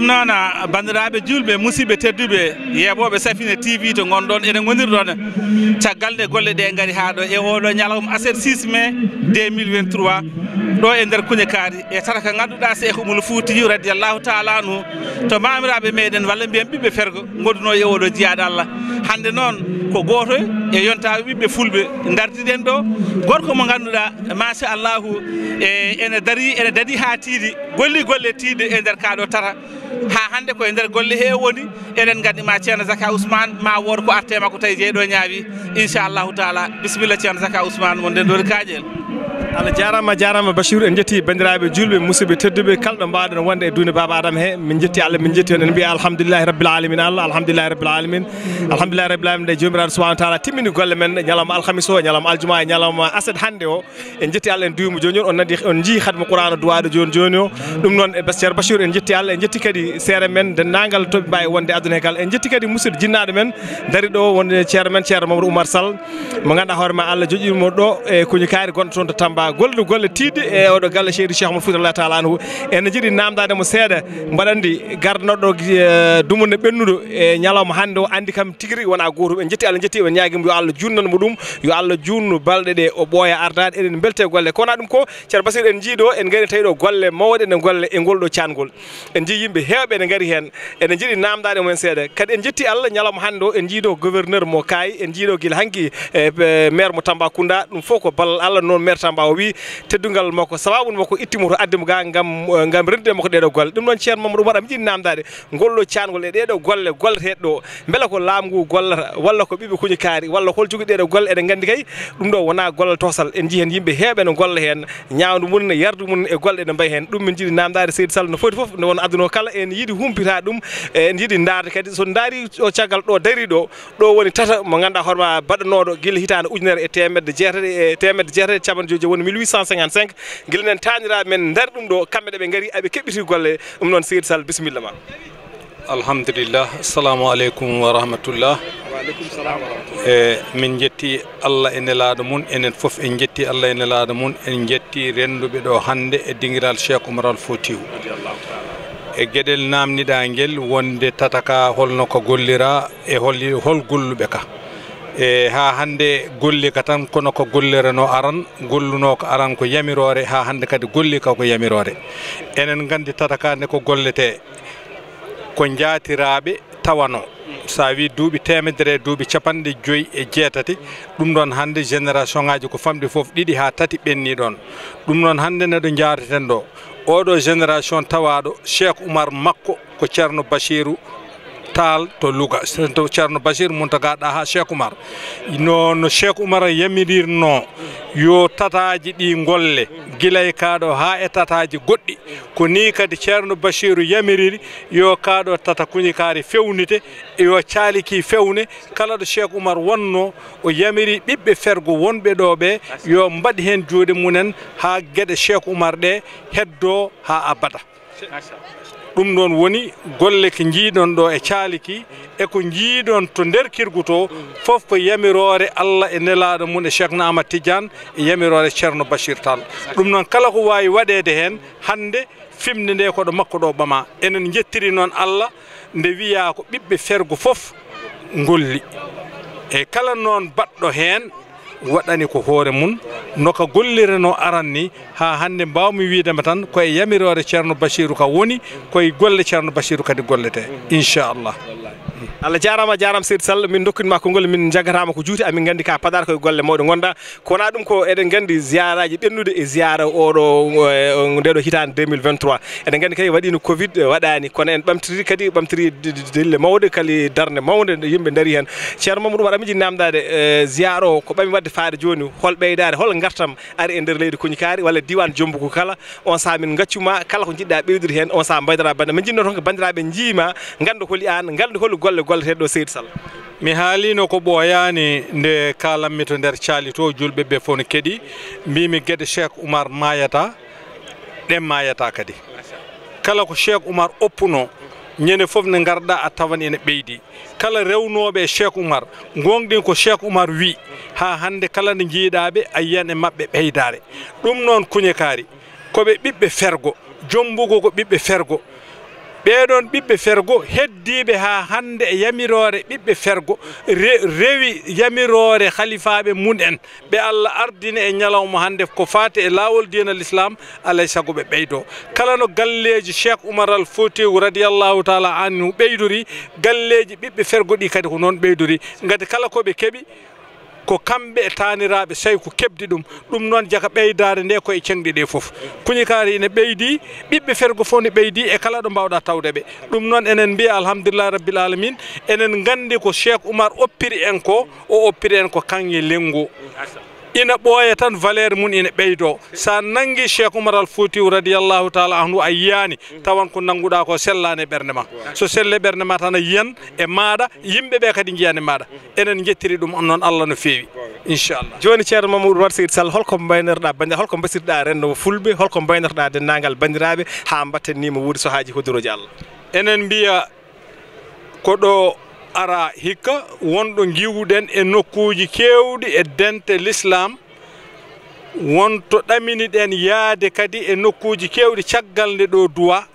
ɗum noon ah, banndiraaɓe julɓe musidɓe tedduɓe yeeɓooɓe safine tv to ngonɗon ene ngonirɗon caggal nde golle ɗe ngari haa ɗo e ooɗo ñalawma aset 6 mai 2023 ɗo e ndeer kuñe kaari e tata ko ngannduɗaa se eko mulu fuutiyu radiallahu taala nu to maamiraaɓe meeɗen walla mbiyen ɓiɓɓe fergo ngoduno e ooɗo jiyaaɗo allah hannde noon ko gooto e yontaaɓe ɓiɓɓe fulɓe ndardiɗen ɗo gorko mo ngannduɗaa machallahu e ene darii ene darii haa tiiɗi golli golle tiiɗe e ndeer kaa ɗo tata ha hande koye nder golle he woni enen gandima ceerno zaka ousmane ma wood ko artemakko tawi jeeyɗo ñaawi inchallahu taala bisimilla ceerno zaka ousmane won nden ɗori kaƴel allah jarama jarama bachirou en jetti bandiraɓe julɓe musidɓe tedduɓe kala ɗo mbawɗen wonde e duna baba adama he min jetti allah min jetti on en mbiya alhamdulillahi rabbilalamin allah alhamdulillahi rabbilalamin alhamdulillahi rabbilalamin ɗe jomiraɗo subahana taala timmini golle men ñalawma alhamis o ñalawma aljuma e ñalawma aset hande o en jetti allah en duwimo joni on on nadi on jii hadmo qouran o duwaɗo joni joni o ɗum noon e ceero bachirou en jetti allah en jetti kadi seere men dennagal toɓe mbawi wonde aduna he gal en jetti kadi musidɗo jinnaɗo men daari ɗo wonde ceero men ceero mamadou oumar sall mo ganduɗa hoorema allah joƴƴimo ɗo e koñi kaari gonɗo toon to tamba mbawa gollude golle tidde e oɗo galle cheydou cheikh mahamadou fouta allah taala anhu ene jiiɗi namdade mo seeɗa mbaɗandi gardanoɗo eh, dumunde ɓennuɗo e ñalawma hande o andi kam tigui rigui wona gotum en jetti allah jetti ɓen ñaguima yo allah junnanmo ɗum yo allah junnu balɗe ɗe o ɓooya ardade eɗen belte golle kowona ɗum ko ceero basir en jiiɗo en gari tawi ɗo golle mawɗe ne golle e ngolɗo cangol en jii yimɓe hewɓe ne gari hen ene jiiɗi namdade mumen seeɗa kadi en jetti allah ñalawma hande o en jiiɗo gouverneur mo kaye en jiiɗo guila hankki e, e, maire mo tamba kounda ɗum foof ko ballal allah noon maire tamba o wi teddugal makko sababu makko ittimo to addimo ga gam gam rendidemo ko ɗeɗo golle ɗum noon ceerno mamadou waɗa mi jiɗi namdade gollo cangol e ɗeɗo golle golleteɗe ɗo beela ko laamgu gollata walla ko ɓiɓe kuñi kaari walla hol jogui ɗeɗo golle eɗen gandi kay ɗum ɗo wona golle tosal en jii hen yimɓe heeɓe no golla hen ñawdu mum ne yardu mum e golle ɗe mbayi hen ɗum min jiiɗi namdade seydi sall no foti foof nde won adduno kala en yiiɗi humpita ɗum e en yiiɗi ndaade kadi so daari o caggal ɗo dari ɗo ɗo woni tata mo ganduɗa hoorema baɗanoɗo guila hitande ujunere e temedde jeetati e temedde jeetati capanɗe joyi woni 1855 guila nen taniraɓe men daari ɗum ɗo kamɓe ɗe ɓe gaari aɓe keɓɓiti golle ɗum noon seydi sall bisimilla ma alhamdulillah assalamu aleykum wa rahmatullah e min jetti allah e nelaɗo mum enen foof en jetti allah e nelaɗo mum en jetti renduɓe ɗo hannde e dingiral cheikh oumar al fotiw e gueɗel namniɗa guel wonde tataka holno ko gollira e hol hol golluɓe ka e ha hande golli ka tan kono ko gollireno aran golluno ko aran ko yamirore ha hande kadi golli ka ko yamirore enen gandi tatakande ko gollete ko jaatiraɓe tawano sa wi duuɓi temedere duuɓi capanɗe joyyi e jeetati ɗum ɗon hande génération ngaji ko famɗi foof ɗiɗi ha tati ɓenni ɗon ɗum ɗon hande neɗo jareten ɗo oɗo génération tawaɗo cheikh oumar makko ko ceerno bachirou taal to luga to ceerno basir montagaɗa ha cheikh oumar noon cheikh oumar yamirirno yo tataji ɗi golle guilay e kaɗo ha e tataji goɗɗi ko ni kadi ceerno basiru yamiriri yo kaɗo tata kuñikari fewnite yo caaliki fewne kala ɗo cheikh oumar wonno o yamiri ɓiɓɓe fergo wonɓe ɗo ɓe yo mbaɗi hen juuɗe munen ha gueɗe cheikh oumar ɗe heddo ha abada Masha. ɗum ɗon woni golle ke jiiɗon ɗo e caaliki e ko jiiɗon to nder kirgu to fof ko yamiroore allah e nelaaɗo mum e cheikh nama tidiane e yamiroore ceerno bachir tall ɗum noon kala ko wawi waɗede hen hande fimde nde koɗo makko ɗo ɓama enen jettiri noon allah nde wiya ko ɓiɓɓe fergo fof golli e kala noon baɗɗo hen waɗani ko hoore mum noka gollireno aran ni ha hannde mbawmi wiidema tan koye yamirore ceerno bachirou ka woni koye golle ceerno bachirou kadi gollete inchallah allah jarama jarama seydi sall min dokkinima konngol min jagarama ko juuti amin gandi ka padar koye golle mawɗe gonɗa kona ɗum ko eɗen gandi ziyaraji ɓennude e ziyara oɗo ndedo hitan 2023 eɗen gandi kadi no covid e waɗani kono en bamtiri kadi ɓamtiri dille mawde kali darne mawde yimɓe daari hen cher mamadou waɗa miji namdade ziyara o ko ɓami wadde faade joni hol ɓeydare hol gartam ari e nder leydi koñikaari walla diwan ko kala on sa min gaccuma kala ko jiɗɗa ɓeydude hen on sa baydara bande min jinno ton ko bandiraɓe jiima ganda holi an ganda holi golle golleteɗo seydi sall mi haalino ko ɓooyani nde kalanmi to nder caali to julɓe ɓe fof no keɗi mbimi gueɗe cheikh oumar mayata ɗen mayata kadi kala ko cheikh oumar oppuno ñande foof ne garɗa a tawan ene ɓeydi kala rewnoɓe e cheikh oumar gonɗin ko cheikh oumar wi ha hande kala nde jiiɗaɓe a yiyan e mabɓe ɓeydare ɗum noon kuñe kaari koɓe ɓiɓɓe fergo jombugo ko ɓiɓɓe fergo ɓeɗon ɓiɓɓe fergo heddiɓe ha hande e yamirore ɓiɓɓe fergo rewi yamirore khalifaɓe mun en ɓe allah ardine e ñalawma hande ko fate e lawol dinal islam alay saago ɓe ɓeydo kala no galleji cheikh oumar al fotiw radiallahu taala anu ɓeydori galleji ɓiɓɓe fergo ɗi kadi ko noon ɓeydori gati kala koɓe keeɓi ko kamɓe e taniraɓe sawi ko kebdi dum ɗum noon jaka ne ko koye cengɗi ɗi foof kuñikaari ene ɓeydi ɓiɓɓe fergo fof ne ɓeydi e kala ɗo mbawɗa tawde ɓe ɗum noon enen mbiya alhamdulillah rabbil alamin enen gandi ko cheikh oumar oppiri en ko o oppiri en ko kanŋe lenggo ina ɓooya tan valeur mun ina ɓeydo sa nangi cheikh oumar al fouti radiallahu taala anhu a yiyani tawan ko nanguɗa ko sellani e ɓerde ma so selle ɓerde ma tan a yiyan e maɗa yimɓeɓe kadi jiyani maɗa enen jettiri ɗum noon allah no fewi inchallah joni ceerno mamadou wat seydi sall holko baynorɗa bandir holko basiriɗa rendo fulɓe holko baynorɗa dennagal bandiraɓe ha mbatten nima wuuri sohaji hodoroji allah enen mbiya ko ɗo ara hikka wonɗo giwuɗen e nokkuji kewɗi e dente l'islam wonto ɗaminiɗen yaade kadi e nokkuji kewɗi caggal nde ɗo duwa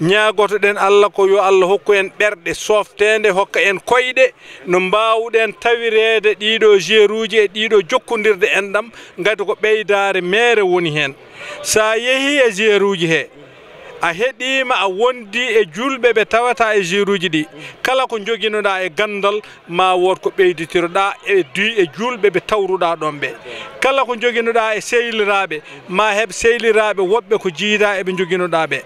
ñagotoɗen allah ko yo allah hokku en ɓerɗe softede hokka en koyɗe no mbawɗen tawirede ɗiɗo géruji e ɗiɗo jokkodirde en ɗam gadi ko ɓeydare mere woni hen sa yeehi e géruji he a heɗima a wondi e julɓe ɓe tawata e jure uji ɗi kala ko joguinoɗa e gandal ma wood ko ɓeyditiroɗa e duy e julɓe ɓe tawruɗa ɗon ɓe kala ko joguinoɗa e sehliraɓe ma heeɓ sehliraɓe woɓɓe ko jiida eɓe joguinoɗa ɓe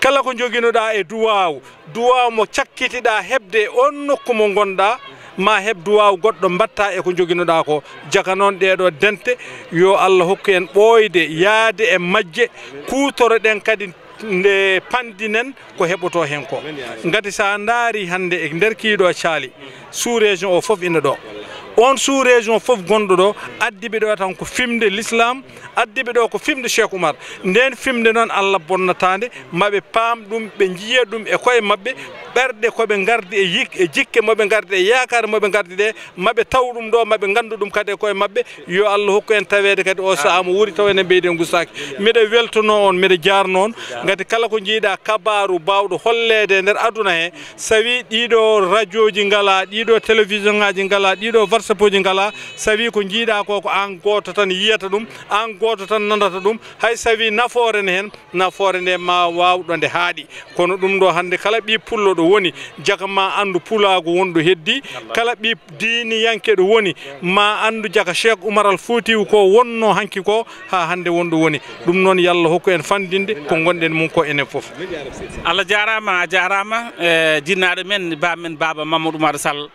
kala ko joguinoɗa e duwawu duwawu mo cakkitiɗa heɓde e on nokku mo gonɗa ma heɓ duwawu goɗɗo mbatta e ko joguinoɗa ko jaaka noon ɗeɗo dente yo allah hokku en ɓooyde yaade e majje kutoro ɗen kadi nde pandinen ko heɓoto hen ko gati sa daari hande e nder kiiɗo caali sous région o foof ina ɗo on sous région foof gonɗo ɗo addiɓe ɗo tan ko fimde l'islam addiɓe ɗo ko fimde cheikh oumar nden fimde noon allah bonnatande maɓe paam ɗum ɓe jiiya ɗum e koye mabɓe ɓerɗe koɓe gardi e yik e jikke moɓe gardi e yakare moɓe gardi ɗe maɓe taw ɗum ɗo maɓe gandu ɗum kadi e koye mabɓe yo allah hokku en tawede kadi o saahamo wuuri taw enen mbeyɗen gusaki mbiɗa weltono on mbiɗa jarno on gati kala ko jiiɗa kabaru bawɗo hollede e nder aduna he sawi ɗiɗo radio ji ngala ɗiɗo télévision ngaji ngala ɗiɗo varsep ji ngala sawi ko jiiɗa ko ko an goto tan yiyata ɗum an goto tan nandata ɗum hay sawi nafoore ne hen nafoore nde ma wawɗo nde haaɗi kono ɗum ɗo hande kala ɓi pulloɗo diiniyankoɗo woni jaga ma andu pulago wonɗo heddi kala ɓi ɗo woni ma andu jaga cheikh oumar al fotiw ko wonno hanki ko ha hande wonɗo woni ɗum noon yallah hokku en fandinde ko gonɗen mum ko enen foof allah jarama a jarama e jinnaɗo men bamen baba mamadou oumar sall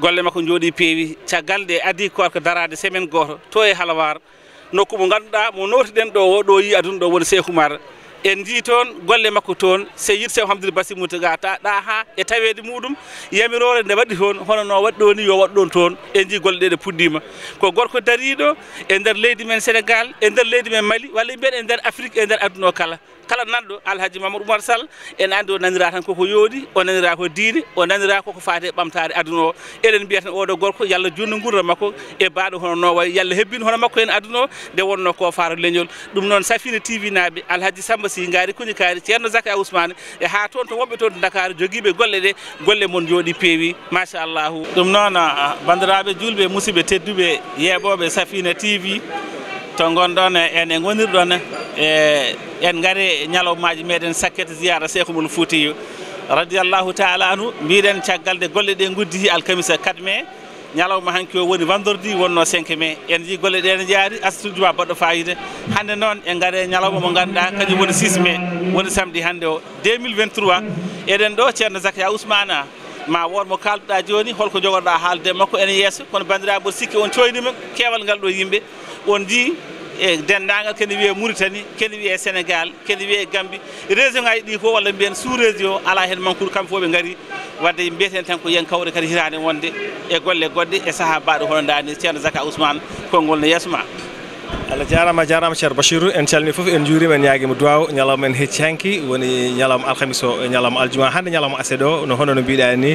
golle makko jooɗi peewi caggal ɗe adi ko darade semaine goto to e halawar nokku mo ganduɗa mo nowtiɗen ɗo o ɗo yi aduna ɗo woni cheikh oumar en ndi toon golle makko toon se yir sew hamdoul basimuta ga ta ɗa ha e taweede muɗum yamirore nde waɗɗi toon hono no waɗɗo ni yo waɗɗon toon e ndi golle ɗe ɗe puɗɗima ko gorko dariɗo e nder leydi men sénégal e nder leydi men mali walla mbiyen e nder afrique e nder aduna o kala kala nanɗo alhaji mamadou oumar sall ene andi o nanira tan koko yoodi o nanira ko diine o nanira koko faate ɓamtare aduna o eɗen mbiyatan oɗo gorko yallah jutno gurdo makko e baaɗo hono no way yallah hebbino hono makko hen aduna o nde wonno ko faro leñol ɗum noon safina tv naaɓe alhaji samba si gaari kuñi kaari ceerno zakay ousmane e ha toon to woɓɓe toon to dakar jogiiɓe golle ɗe golle moon jooɗi peewi machallahu ɗum noon ah, ah, bandiraɓe julɓe musidɓe tedduɓe yeeɓoɓe safina tv to gonɗon eh, eh, en e gonirɗon e en gaare ñalowmaji meɗen sakkete ziyara sekhoumol fouti radiallahu taala anu mbiɗen caggal de golle ɗe guddi alkamisa 4 mai ñalawma hanki o woni vendredi wonno 5 mai en ji golle ɗe ne jaari astuji ma baɗɗo fayida hannde noon e ngaɗe ñalawma mo ganduɗa kañum woni 6 mai woni samedi hannde o 2023 eɗen ɗo ceerno zakaya ousmane ma won mo kalduɗa joni holko jogoɗa haalde makko ene yesso kono bandiraɓe sikki on coynima kewal ngal ɗo yimɓe on jii e dendagal kene wiye mauritanie kene wiye sénégal kene wiye gambi région ngaji ɗi foof walla mbiyen sous région ala hen mankude kamɓe fof ɓe gaari wadde mbiyeten tan ko yen kawre kadi hitande wonde e golle goɗɗe e saaha baɗo hono dani ceerno zaka ousmane konngol ne yesma allah jarama jarama ceerno bachirou en calmini foof en juurima en ñaguima duwaw ñalawma en hecci hanki woni ñalawma alhamis o ñalawma aljuma hande ñalawma aseɗ o no hono no mbiɗa ni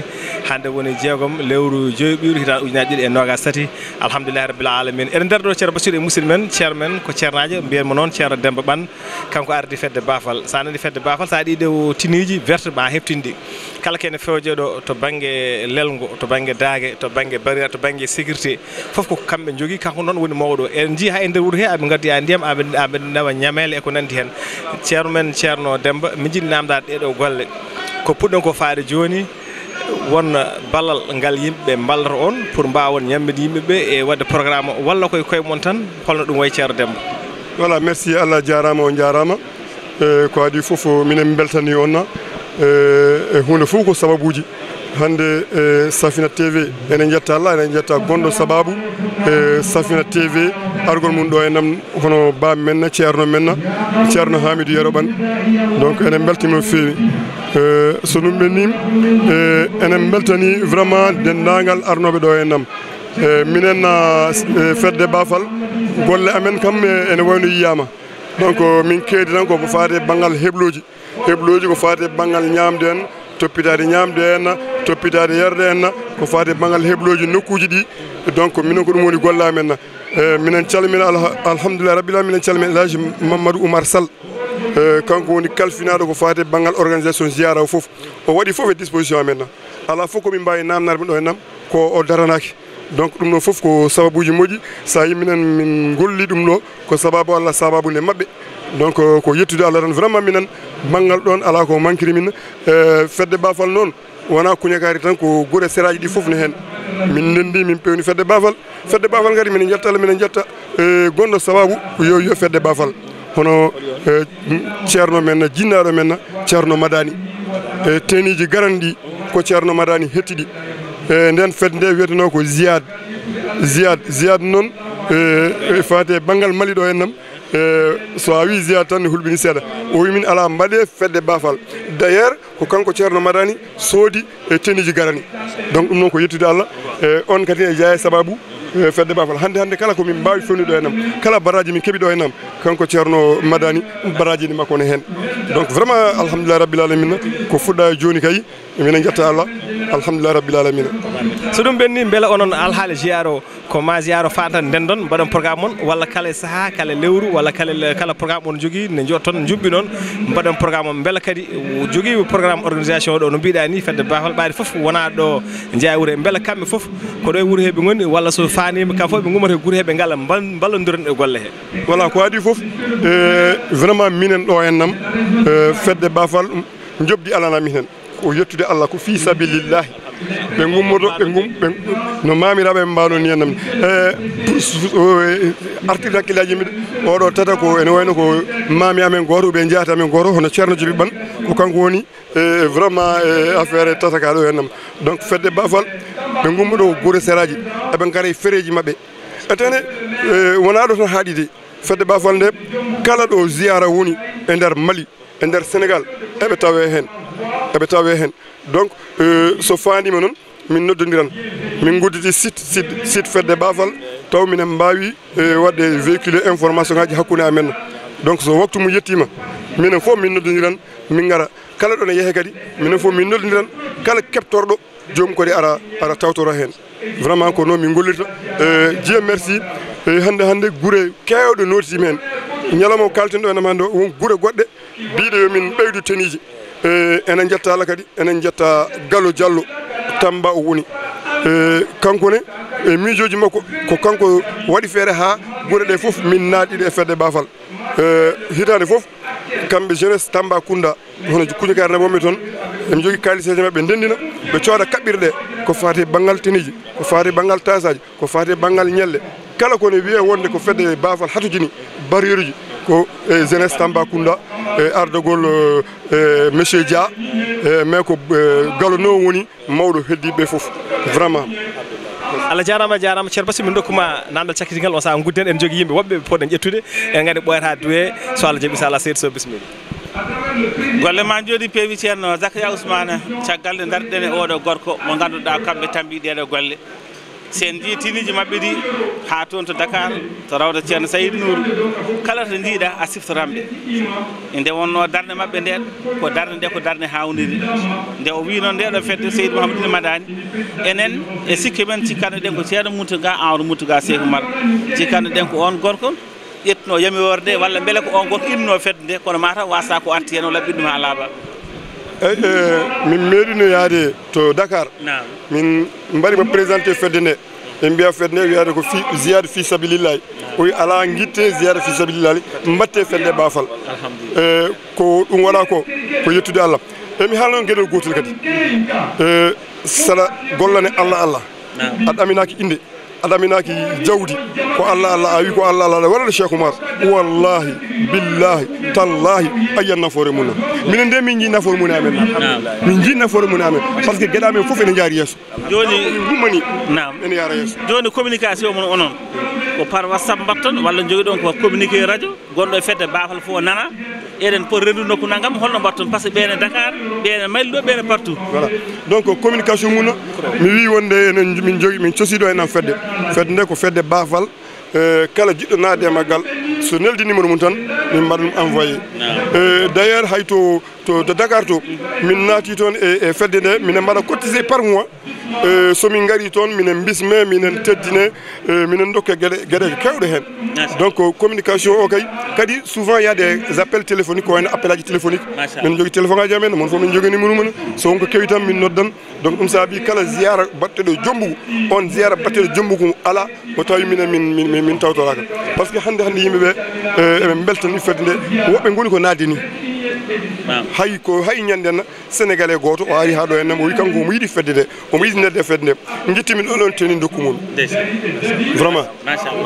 hande woni jeegom lewru joyi ɓiru hitan ujunaji ɗiɗi e nogas tati alhamdulillah rabbil alamin eɗen nder ɗo ceerno bachirou e musidɗo men ceerno men ko ceernajo mbiyenmo noon ceerno demba ɓan kanko ardi fedde bafal sa nandi fedde bafal sa ɗiɗo e tiniji verte ma heptinde kala kene fewjeeɗo to baŋnge lelngu to baŋnge daage to baŋnge barira to baŋnge sécurité fof ko kamɓe jogii kanko noon woni mawɗo en njiyi haa e, e ndeer wuro hee aɓe ngardiya ndiyam aɓe aɓe nawa ñameele e ko nanndi heen ceerno men ceerno demba mi jiɗi naamdade ɗeeɗoo golle ko puɗɗen ko faade jooni won ballal ngal yimɓe ɓe mballata oon pour mbaawon ñammide yimɓe ɓe e waɗde programme o walla koye koye mon tan holno ɗum way ceerno demba voilà merci allah jaaraama o jaaraama e ko adi fof minen beltani onna E, e hunde fof ko sababuji hande e safina tv ene jetta allah ene jetta gonɗo sababu e safina tv argol mum ɗo e nam hono bam menna ceerno menna ceerno hamidou yeroɓan donc ene beltima fewi e, so ɗum ɓennim e, ene beltani vraiment dendagal arnoɓe ɗo e nam e minen fedde bafal golle amen kam ene wayno yiyama donc min keedi tan ko fade banggal hebloji hebloji ko fati e banggal ñamde en toppitade ñamde en toppitade yerde en ko fati e banggal hebloji nokkuji ɗi donc minen ko ɗum woni gollamen e, minen calmina alhamdulillah rabbillah minen calmina elaji mamadou oumar sall kanko woni kalfinaɗo ko fati banggal organisation jiyara o foof o waɗi foof e disposition amen ala foof komin mbawi namdade ɗo e nam ko o daranaki donc ɗum ɗo foof ko sababuji moƴi sa yi minen min golli ɗum ɗo ko sababu allah sababu nde mabɓe donc euh, ko yettude allah tan vraiment minen banggal ɗon ala ko manquiri min euh, fedde bafal noon wona kuñakari tan ko guure séraji ɗi foof ne hen min ndendi min pewni fedde bafal fedde bafal kadi mine jetta allah mine jetta euh, gonɗo sababu yo yo fedde bafal hono ceerno men jinnaɗo men ceerno madani e teniji garanɗi ko ceerno madani hettiɗi e nden fedde nde wiyeteno ko ziyad ziyad ziyad noon e, e fate banggal mali ɗo hennam e so a wi zia tan ne hulɓini seeɗa o wi min ala mbaɗe fedde baafal d' ailleurs ko kanko ceerno madani soodi e teniji garani donc ɗum noon ko yettude allah e on kadi e jeeya sababu E fedde bafal hannde hannde kala komin mbawi fewnido henam kala baraji min keeɓi ɗo henam kanko ceerno madani baraji ni makko ne hen donc vraiment alhamdulillah rabbil alamina ko fuɗɗa e joni kayi minen jetta allah alhamdulillah rabbil alamina so ɗum ɓenni beela onon alhaali jiyaro ko ma jiyaro fatan nden ɗon mbaɗon programme on walla kala e saaha kala e lewru walla kala kala programme on jogui ne jooɗ toon juɓɓi noon mbaɗon programme on beela kadi jogui programme organisation ɗo no mbiɗa ni fedde bafal ɓaade foof wona ɗo jeya wuure beela kamɓe foof koɗo e wuuro heɓe gonni walla so faanima kam foof ɓe gumata e guure he ɓe ngala mballodiran e golle he voilà ko adi foof e, vraiment minen ɗo hen nam e, fedde bafal jobdi alanami hen ko yettude allah ko fi sabilillahi ɓe gummoto ɓe gum no mamiraɓe mbano ni enam e, e artir hakkillaji yimɓe oɗo tata ko ene wayno ko mami amen goto ɓe jeyata amen goto hono ceerno jibi ɓan ko kanko woni e, vraiment e affaire tataka ɗo ennam donc fedde bafal ɓe gummoɗo guure seraji eɓe gara e freji mabɓe etene wona ɗo tan haaɗi de fedde bafal nde kala ɗo ziyara woni e nder mali e nder sénégal eɓe tawe hen eɓe tawe hen donc euh, so fandima noon min noddodiran min gudditi site site site fedde bafal taw minen mbawi e, wadde véhiculé information ngaji hakkude amenno donc so waktu mo yettima minen foof min noddodiran min gara kala ɗone yeehe kadi minen foof min noddodiran kala keptorɗo jomum kadi ara ara tawtora hen vraiment ko noon min gollirta jiya e, merci e, hande hande guure kewɗo notitima hen ñalawma o kalten ɗo enamande o won guure goɗɗe mbiɗo yomin ɓeydu tenije E, enen jetta ala kadi enen jetta gallo diallo tamba o woni e kanko ne e miijoji makko ko kanko waɗi feere ha guure ɗe fof min naaɗiɗe e fedde baafal e hitande fof kamɓe jeunesse tamba kunda hono kuñakare nawonɓe toon emi jogui kaliseji mabɓe ndendina ɓe cooda kaɓɓirɗe ko fati banggal teniji ko fati banggal tasaji ko fati banggal ñelle kala kone wiye wonde ko fedde baafal hatojini barriere ji ko e jeunesse tambacounda e ardogol e, e monsieur dia mais ko galo no woni mawɗo heddiɓe foof vraiment allah jarama jarama ceerno pasi min dokkuma namdal cakkiti ngal on saaha gudden en jogui yimɓe woɓɓe poɗen ƴettude en gandi ɓoyata duwe so allah jaaɓi salah seydi so bisimilla golle ma jooɗi peewi ceerno zakaria ousmane caggal nde darɗen e oɗo gorko mo ganduɗa kamɓe tambiɗeɗo golle si en ndi tiniji maɓɓe ɗi ha toon to dakar to rawda ceerno sayid nour kala to ndiɗa a siftoramɓe nde wonno darde maɓɓe nden ko darde nde ko darde hawniri nde o wi noon ndeɗo fedde seydi mahamadine madani enen e sikke men cikkanɗo ɗen ko ceerno mutuga amadou mutuga seyhu mar cikkanɗo ɗen ko on gorko ƴettuno yamiworde walla beele ko on gorko innino fedde nde kono mataw wasa ko arti hen o laɓɓiɗ ɗum ha laaɓa eyyi eh, eh, min meeɗino yaade to dakar min mbaɗimo présenté fedde nde en mbiya fedde nde wiyade ko fi ziyade fi sabilillahi o wi ala guitte ziyade fi sabilillahi mbatte fedde baafal e eh, ko ɗum waɗa ko ko yettude allah emi haalno gueɗel gotel kadi e eh, saɗa gollane allah allah a ɗaminaki inde adaminaki jawdi ko allah allah a wi ko allah allah aɗa waɗade cheikh oumar wallahi billahi tallahi ayiyat nafoore mum noon minen nde min jii nafoore mum e amen min jii nafoore mum e amen par ce que gueɗa men foof ene jaari yesso joni gummani ene yara yesso joni communication mon onon ko par whatsapp mbatton walla jogi ɗon ko communiqué radio gonɗo e fedde bafal fof nana eɗen pot rendu nokku nagam holno mbatton par ce que ɓeene dakar ɓeene mayliɗo ɓeene partout voilà donc communication muno mi wi wonde enen min jogi min cosiɗo enen fedde fedde nde ko fedde bafal e, kala jiɗɗo naade magal so neldi numéro mum tan min mbaɗa ɗum envoyé e, d' ailleurs hayto de to dakar to min naati toon e, e fedde nde minen mbaɗa cotisé par mois e, somin gari toon minen bisme minen teddine e, minen dokke gueɗe gueɗe kewɗe hen donc euh, communication o kay kadi souvent il y a des appels téléphoniques ou un appel à aji téléphonique min jogui téléphone aji amen moon fof min jogui numéro mum so wonko kewi min noddan donc ɗum saabi kala ziyara batteɗo jombugu on ziyara batteɗo jombugu ala o tawi minen min min tawtoraka par parce que hande hande yimɓeɓe eɓe beltan ɗi fedde nde woɓɓe gooni ko naadi hay ko hay ñandena sénégalais gooto o ari ha ɗo henne mo wi kanko omo yiɗi fedde de omo yiɗi nedde fedde nde guittimin onon teni dokku mum vraiment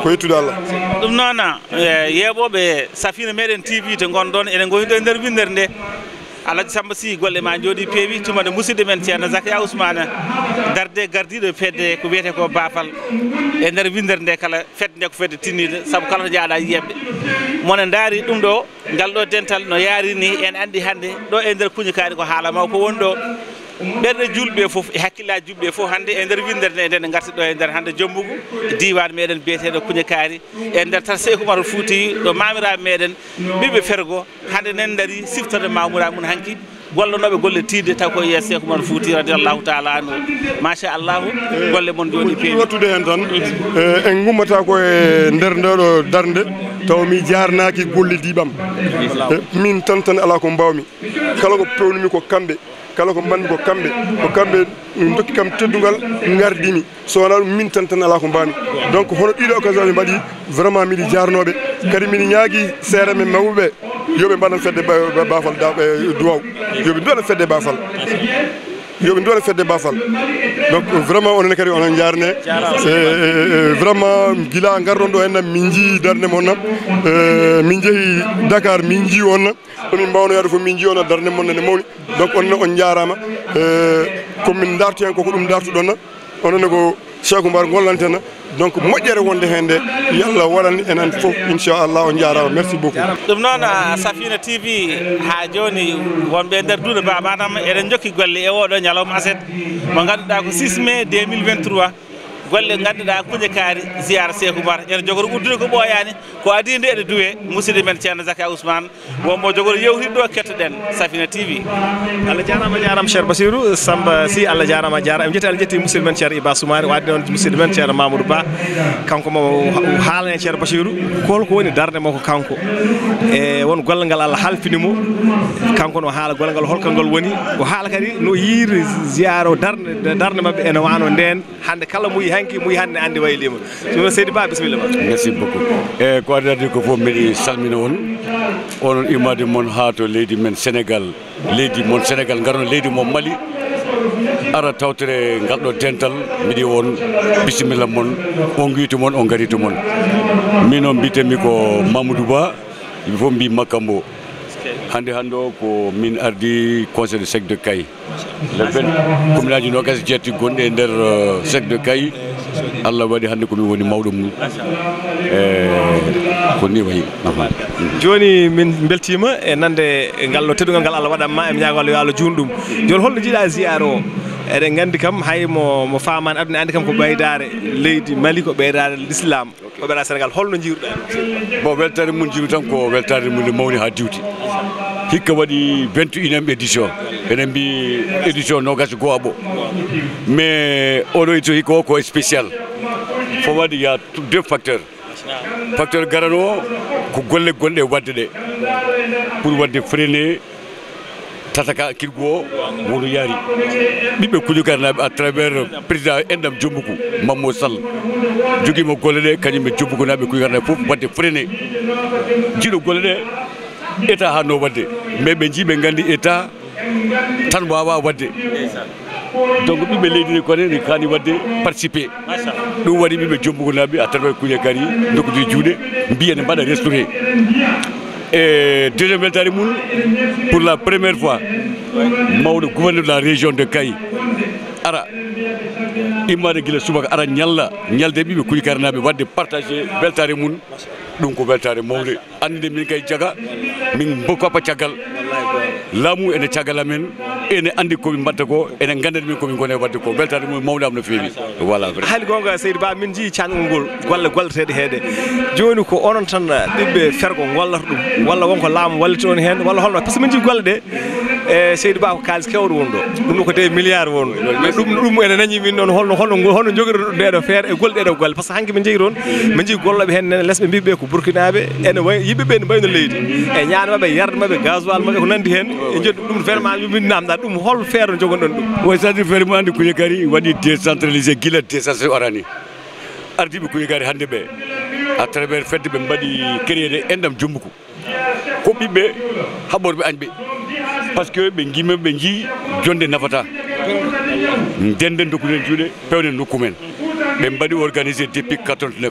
ko yettude allah ɗum noona eh, yeɓoɓe safina meɗen tv te gon ɗon ene gohiɗo e nder windere nde alhaji samba sy golle ma jooɗi peewi tumade musidɗo men ceerno zakaya ousmane darde gardiɗo e fedde ko wiyete ko baafal e nder winder nde kala fedde nde ko fedde tinniɗo saabu kala to jaaɗa yiyamɓe mona daari ɗum ɗo ngal ɗo dental no yaari ni en andi hannde ɗo e nder kuñi kaani ko haala maw ko woni ɗo ɓerɗe julɓe fof e hakkillaji julɓe fof hannde e ndeer windere nde nden e ngarti ɗo e ndeer hannde jommugu diwan meɗen biyeteɗo kuña kaari e ndeer tan seyko maro fouti ɗo mamiraɓe meɗen ɓiɓe fergo hande nen daari siftode mamiraɓe mum hanki gollonoɓe golle tidde taw koye seeko mon fouti radiallahu taala anu machallahu golle moon joni pewattude hen tan eh, en gummata koye nder ndeɗo darde taw mi jarnaki golle diɓam eh, min tan tan ala ko mbawmi kala ko pewnumi ko kamɓe kala ko mbanmi ko kamɓe ko kamɓe min dokki kam teddungal gardini sowona ɗum min tan tan ala ko mbami donc hono ɗiɗo occasion ji mbaɗi vraiment miɗi jarnoɓe kadi miɗi ñaagui seere men mawɓeɓe yoɓe mbaɗan fedde bafal e, duwaw yoɓe mbaɗan fedde bafal yoɓe duwana fedde baafal donc vraiment onen kadi onon jarne eh, eh, eh, vraiment guila garɗon ɗo hennam min jii darde mon nam min jeehi dakar min jii on nam omin mbawno yaade foof min jii onon darde mon nene mawni donc onne on jarama comme min darto hen koko ɗum dartuɗon nan onenne ko cheikh oumar gollantena donc moƴƴere wonde hen nde yo allah waɗan enen foof inchallah on jarama merci beaucoup ɗum noon ah, safina tv ha joni wonɓe e nder duuɗo babanam eɗen jokki golle e oɗo ñalawma aset mo ganduɗa ko 6 mai 2023 golle ganduɗa kuje kaari ziyara cheikh oumar ene jogori uddude ko ɓoyani ko adi nde ene duwe musidɗo men ceerno zaka ousmane wonmo jogori ɗo kettoɗen safina tv allah jarama jarama ceerno basirou samba si allah jarama jarama en jetti allah jetti musidɗo men ceerno iba soumari o addi noon musidɗo men ceerno mamadou ba kanko mo haalane ceerno basirou kolko woni darde makko kanko e won golle ngal allah halfinimo kanko no haala golle ngal holkal ngal woni o haala kadi no yiiri ziyara o darde darde mabɓe ene wano nden hande kala mo yi tanki muy hannde anndi waylima ɗum seydi ba bisimilla ma merci beaucoup eyi ko adi addi ko fof mbiɗi salmina on onon immade moon haa to leydi men sénégal leydi moon sénégal ngarno leydi moon mali ara tawtere ngal ɗo dental mbiɗi on bisimilla moon o ngiytu moon o ngarito moon min o mbitenmi ko mamadou ba yimɓe fof mbi makkambo hannde hannde o ko min ardi conseil de sec de kay lebben commune aji nogas jeetti gonɗi e ndeer sec euh, de kay allah waɗi hannde komin woni mawɗo mum e ko ni wayi jooni min beltima e nande ngal no teɗugal ngal allah waɗatma e mi ñaago allah yo allah juun ɗum jooni holno jiiɗa jiar o eɗen gandi kam haymo mo famani aduna e andi kam ko ɓeydare leydi mali ko ɓeydare l'islam ko ɓeyɗa sénégal holno jiruɗa bon weltare mum jiru tan ko weltare mum nde mawni ha diwti hikka waɗi 21 édition eɗen mbi édition nogas goo ɓo mais oɗo édition hikka o ko spécial fo waɗi ya deux facteur facteur garano o ko golle gonɗe wadde ɗe pour wadde freiné tataka kirgu o wono yaari ɓiɓɓe kujogar à travers président endam jombuku mammo sall joguima golle ɗe kañum e jommuku naɓe kujogar foof wadde freiné jiiɗo golle ɗe état hanno wadde mais ɓe jiiɓe gandi état tan wawa wadde donc ɓiɓɓe leydi ndi kone ndi kani wadde participé ɗum waɗi ɓiɓɓe jombugol naɓe a tarwa kuña kari dokkodiri juuɗe mbiya ne mbaɗa restauré e deuxiéme weltare mum pour la première fois mawɗo gouverneur de la région de kay ara immade guila subaka ara ñalla ñalde ɓiɓe kulikarnaɓe wadde partagé beltare mum ɗum ko beltare mawde annde min kay jaga min bo papa caggal laamu ene caggal amen ene anndi ko min mbatta ko ene nganndani min ko min goni wadde ko beltade mum mawnaam no feewi voilà vrai hayli gonga seydi ba min jii cangol ngol golle golleteeɗe heede jooni ko onon tan ɗiɓɓe fergo gollata ɗum walla wonko laamu wallita on heen walla holno par ce que min jii golle ɗe e seydi ba ko kaalis kewɗo won ɗo ɗum ɗo ko de milliard won mais ɗum ɗum ene nañi min noon holno holno holno jogiroɗo ɗeɗo feere e golle ɗeɗo golle par ce que hanke min jeyi toon min jii golloɓe heen nene lesɓe mbiɓeɓe ko burkinaɓe ene way yimɓeɓe ne mbayno leydi e ñaanamaɓe yardamaɓe gasoil maɓe ko nandi heen e jeddu ɗum vraiment min namɗat ɗum hol feere jogonɗon ɗum oy sadi vraiment andi kuñe gari waɗi décentralisé guila décentralisé warani ardiɓe kuñe gari hannde ɓe à travers fedde ɓe mbaɗi créer endam jumbuko ko ɓiɓɓe haɓorɓe añɓe par ce que ɓe guima ɓe jii jonde nafata denden dokkunen juuɗe pewnen nokku men ɓe mbaɗi organisé depuis 49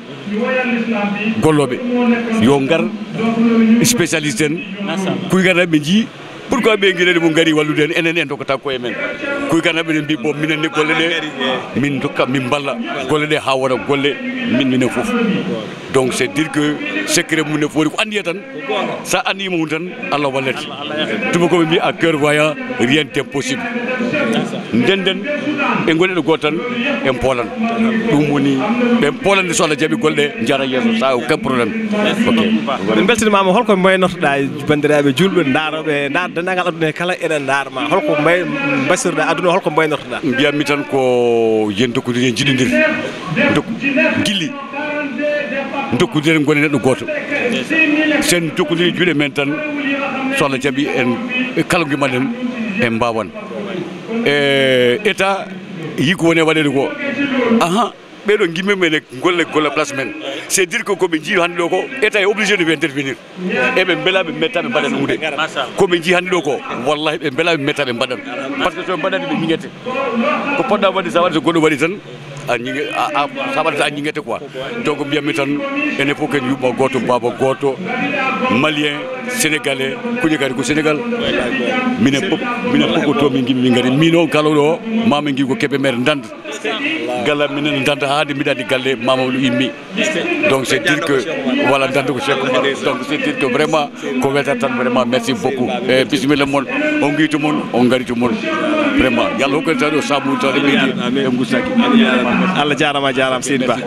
golloɓe yo gar spécialiste en kuygata ɓe jii pourquoi ɓe guirede mo gari wallude hen enen en dokkata koye men koye kan aɓeɗen mbi bo minenne golle ɗe min dokka min balla golle ɗe ha wona golle min mine foof donc c' est dire que secret mum ne fori ko andiye tan sa andima mum tan allah wallete tuba koɓe mbi à cœur voya rien d' impossible ndenden e goneɗo goto tan en poolan ɗum woni ɓen poolande so allah jaaɓi golleɗe jara yeeso sa kam problème ok min beltinimama holko mboynotoɗa e bandiraɓe julɓe daroɓe darde dendagal aduna he kala eɗen darma holko bay basirɗa aduna holko baynortoɗa mbiyatmi tan ko yen dokkudir en jiɗidir dokku guilli dokkudir en gone neɗɗo goto sen dokkudir juuɗe men tan so allah jaaɓi en e kala gimaɗen en mbawan e état yiko woni e waɗede ko ahan ɓeɗo gimmi men e golle golle place men c'est dire que koɓe jii hannde ɗo ko état est obligé de ɓe intervenir eɓe bela ɓe metta ɓe mbaɗan hunde koɓe jii hannde ɗo ko wallahi ɓe bela ɓe metta ɓe mbaɗan par ce que so ɓe mbaɗani ɓe miñete ko poɗɗa waɗi sa waɗi so goɗɗo waɗi tan saɓatata a jiggete quoi donc mbiyatmi tan enen fof ken yuɓɓo goto baba goto malien sénégalais kuje kadi ko sénégal mine fof minen fof ko tomin gimmi min gadi min on kala ɗo mami gui ko keeɓe mere danda galla minen danda haade mbiɗaadi galle mamamo immi donc c' est dire que voilà danda ko chek ma donc c' est dire que vraiment ko weltat tan vraiment merci beaucoup e bisimilla moon on guitu moon on garitu moon vraiment yallah hokkude tawde o sabude tawde ɓeydie e gustaki allah jarama a jarama seydi ba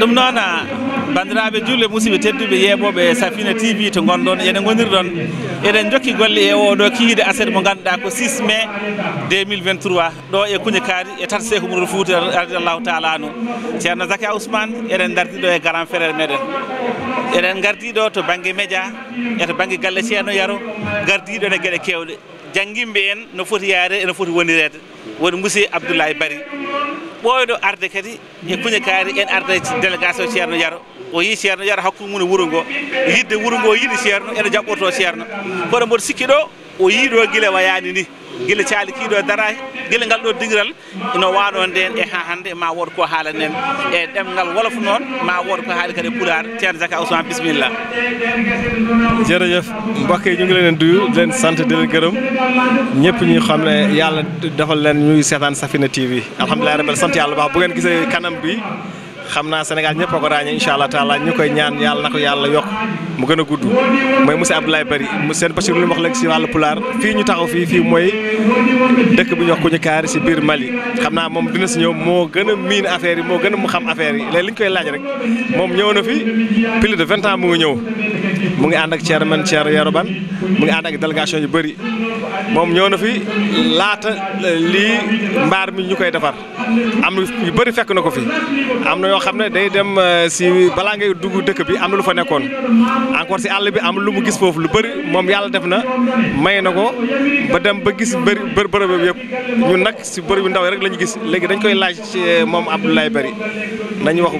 ɗum noon ah, bandiraɓe julle musidɓe tedduɓe yeɓoɓe safina tv to gonɗon ene gonirɗon eɗen jokki golle e oɗo kiide aset mo ganduɗa ko 6 mai 2023 ɗo e kuña kaari e tata seko mouro fouti radiallahu taala no ceerno zakia ousmane eɗen dardiɗo e garan frére meɗen eɗen gardiɗo to banggue média e to banggue galle ceerno yaro gardiɗo ne gueɗe kewɗe jangimɓe en no foti yaade eno foti wonireede woni monsieur abdoulaye bari ɓooyɗo arde kadi e kuña kaari en arda délégation ceerno yaro o yii ceerno yaro hakkude mum no wuro ngo yidde wuro ngo yiɗi ceerno ene jaɓɓoto ceerno kono mboɗo sikki ɗo o yiiɗo guila wayaani ni guila caali kiiɗo e dara guila ngal ɗo digiral ino waano nden e ha hannde ma wood ko haala nden e ɗemngal wolof noon ma wood ko haali kadi pulaar ceerno zaka ousman bisimilla jeere jeef mbakke ñungi leen en duyu len sante dileen gërëm ñëpp ñu xam ne yàlla defal leen ñuy seetaan safina tv alhamdulilah rabbil sante yàlla baax bu ngeen gisee kanam bi xamna naa Sénégal ñëpp ko rañ inshallah taala ñukoy ñaan yalla nako yalla yok mu gëna gudd moy monsieur Abdoulaye Bari mu seen parce que lu wax lek ci walu pular fi ñu taxaw fi fi moy dekk bu ñu wax Kujikaari si biir Mali xamna mom dina ci ñew mo gëna min affaire yi mo gëna mu xam affaire yi léegi liñ koy laaj rek mom ñew na fi plus de 20 ans mu ngi ñëw mu ngi and ak chairman chair yaroban mu ngi and ak délégation yu bari mom ñew na fi laata li mbar mi ñukoy defar am yu bari fekk nako fi am na xam ne day dem euh, si balaa ngay dugg dëkk bi am na lu fa nekkoon encore si àll bi am lu mu gis foofu lu bëri moom yàlla def na may na ko ba dem ba gis bëri bër bërëb yëpp ñun nag si bërëb yu ndaw rek la ñu gis léegi dañ koy laaj ci euh, moom Abdoulaye Bary nañu wax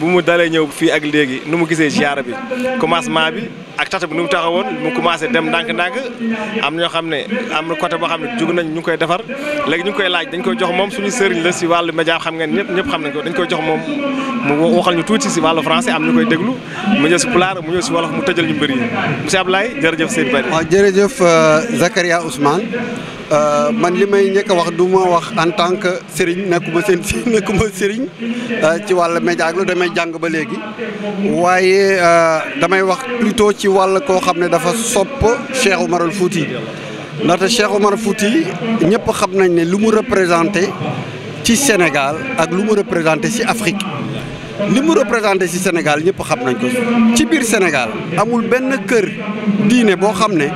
bu mu dalee ñëw fii ak léegi nu mu gisee ziara bi commencement bi ak tata bi nu mu taxawoon mu commencé dem ndànk-ndànk am ñoo xam ne am na boo xam ne jóg nañ ñu ngi koy defar léegi ñu ngi koy laaj dañ koy jox moom suñu sëriñ la si wàll média xam ngeen ñëpp ñëpp xam nañ ko dañ koy jox moom mu waxal ñu tuuti si wàllu français am ñu koy déglu mu ñëw si pulaar mu ñëw si wolof mu tëjal ñu mbir yi monsieur Ablaye jërëjëf sëñ Bari. waaw jërëjëf euh, Zakaria Ousmane euh, man li may njëkk a wax du ma wax en tant que sëriñ nekkuma seen nekkuma sëriñ euh, ci wàll média ak lu damay jàng ba léegi waaye damay wax plutôt ci wàll koo xam ne dafa sopp Cheikh Omar al Fouti ndaxte Cheikh fuuti Fouti xam nañ ne lu mu représenté. ci Sénégal ak lu mu représenté ci Afrique li mu représenté ci Sénégal ñëpp xam nañ ko ci biir Sénégal amul benn kër diine boo xam ne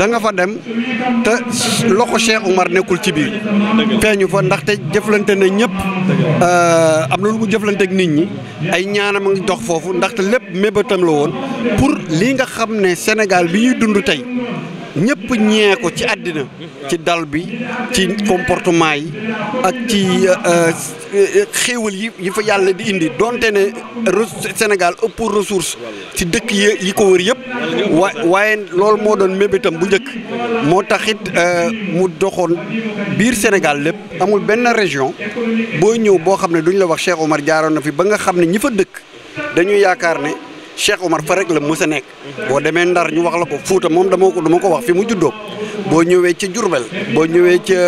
da nga fa dem te loxo Cheikh Oumar nekkul ci biir feeñu fa ndaxte jëflante na ñëpp euh, am na lu mu jëflante nit ñi ay ñaanam a ngi dox foofu ndaxte lépp mébétam la woon pour li nga xam ne Sénégal bi ñuy dund tey ñëpp ñee ko ci àddina ci dal bi ci comportement yi ak ci euh, euh, xéewal yi yi fa yàlla di indi donte ne Sénégal ëpp ressource ci dëkk yi ko wër yëpp waaye loolu moo doon mébétam bu njëkk moo taxit euh, mu doxoon biir Sénégal lépp amul benn région boo ñëw boo xam ne duñ la wax Cheikh Omar jaaroon na fi ba nga xam ne ñi fa dëkk dañuy yaakaar ne Cheikh Omar fa rek la mës nekk boo demee Ndar ñu wax la ko Fuuta moom dama ko dama ko wax fi mu juddoo boo ñëwee ci Jurbel boo ñëwee ca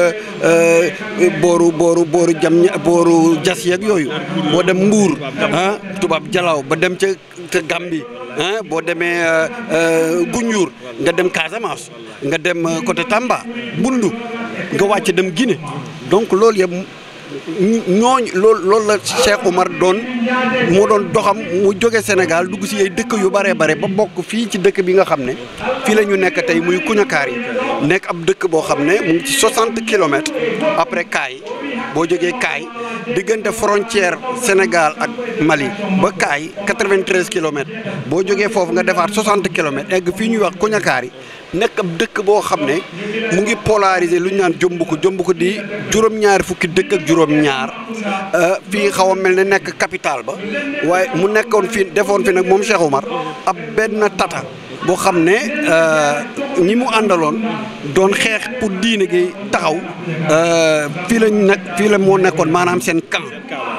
euh, booru booru booru jam booru jas yeeg yooyu boo dem Mbuur ah tubaab jalaaw ba dem ca ca Gàmbi ah, boo demee euh, euh, Gunjur nga dem Casamance nga dem côté Tamba Bundu nga wàcc dem Guinée donc loolu yëpp ñooñ loolu loolu la Cheikh Oumar doon moo doon doxam mu jóge Sénégal dugg si ay dëkk yu bare bare ba bokk fii ci dëkk bi nga xam ne fii la ñu nekk tey muy Kouñakaari nekk ab dëkk boo xam ne mu ngi ci 60 kilomètres après Kaay boo jógee Kaay diggante frontière Sénégal ak Mali ba Kaay 93 kilomètres boo jógee foofu nga defaat 60 kilomètres egg fii ñuy wax Kouñakaari nekk ab dëkk boo xam ne mu ngi polariser lu ñu naan jomb ko jomb ko di juróom-ñaari fukki dëkk ak juróom-ñaar euh, fii xaw a mel na nekk capital ba waaye mu nekkoon fi defoon fi nag moom Cheikh Oumar ab benn tata boo xam ne euh, ñi mu àndaloon doon xeex pour diine gi taxaw euh, fii lañ nekk fii moo nekkoon maanaam seen camp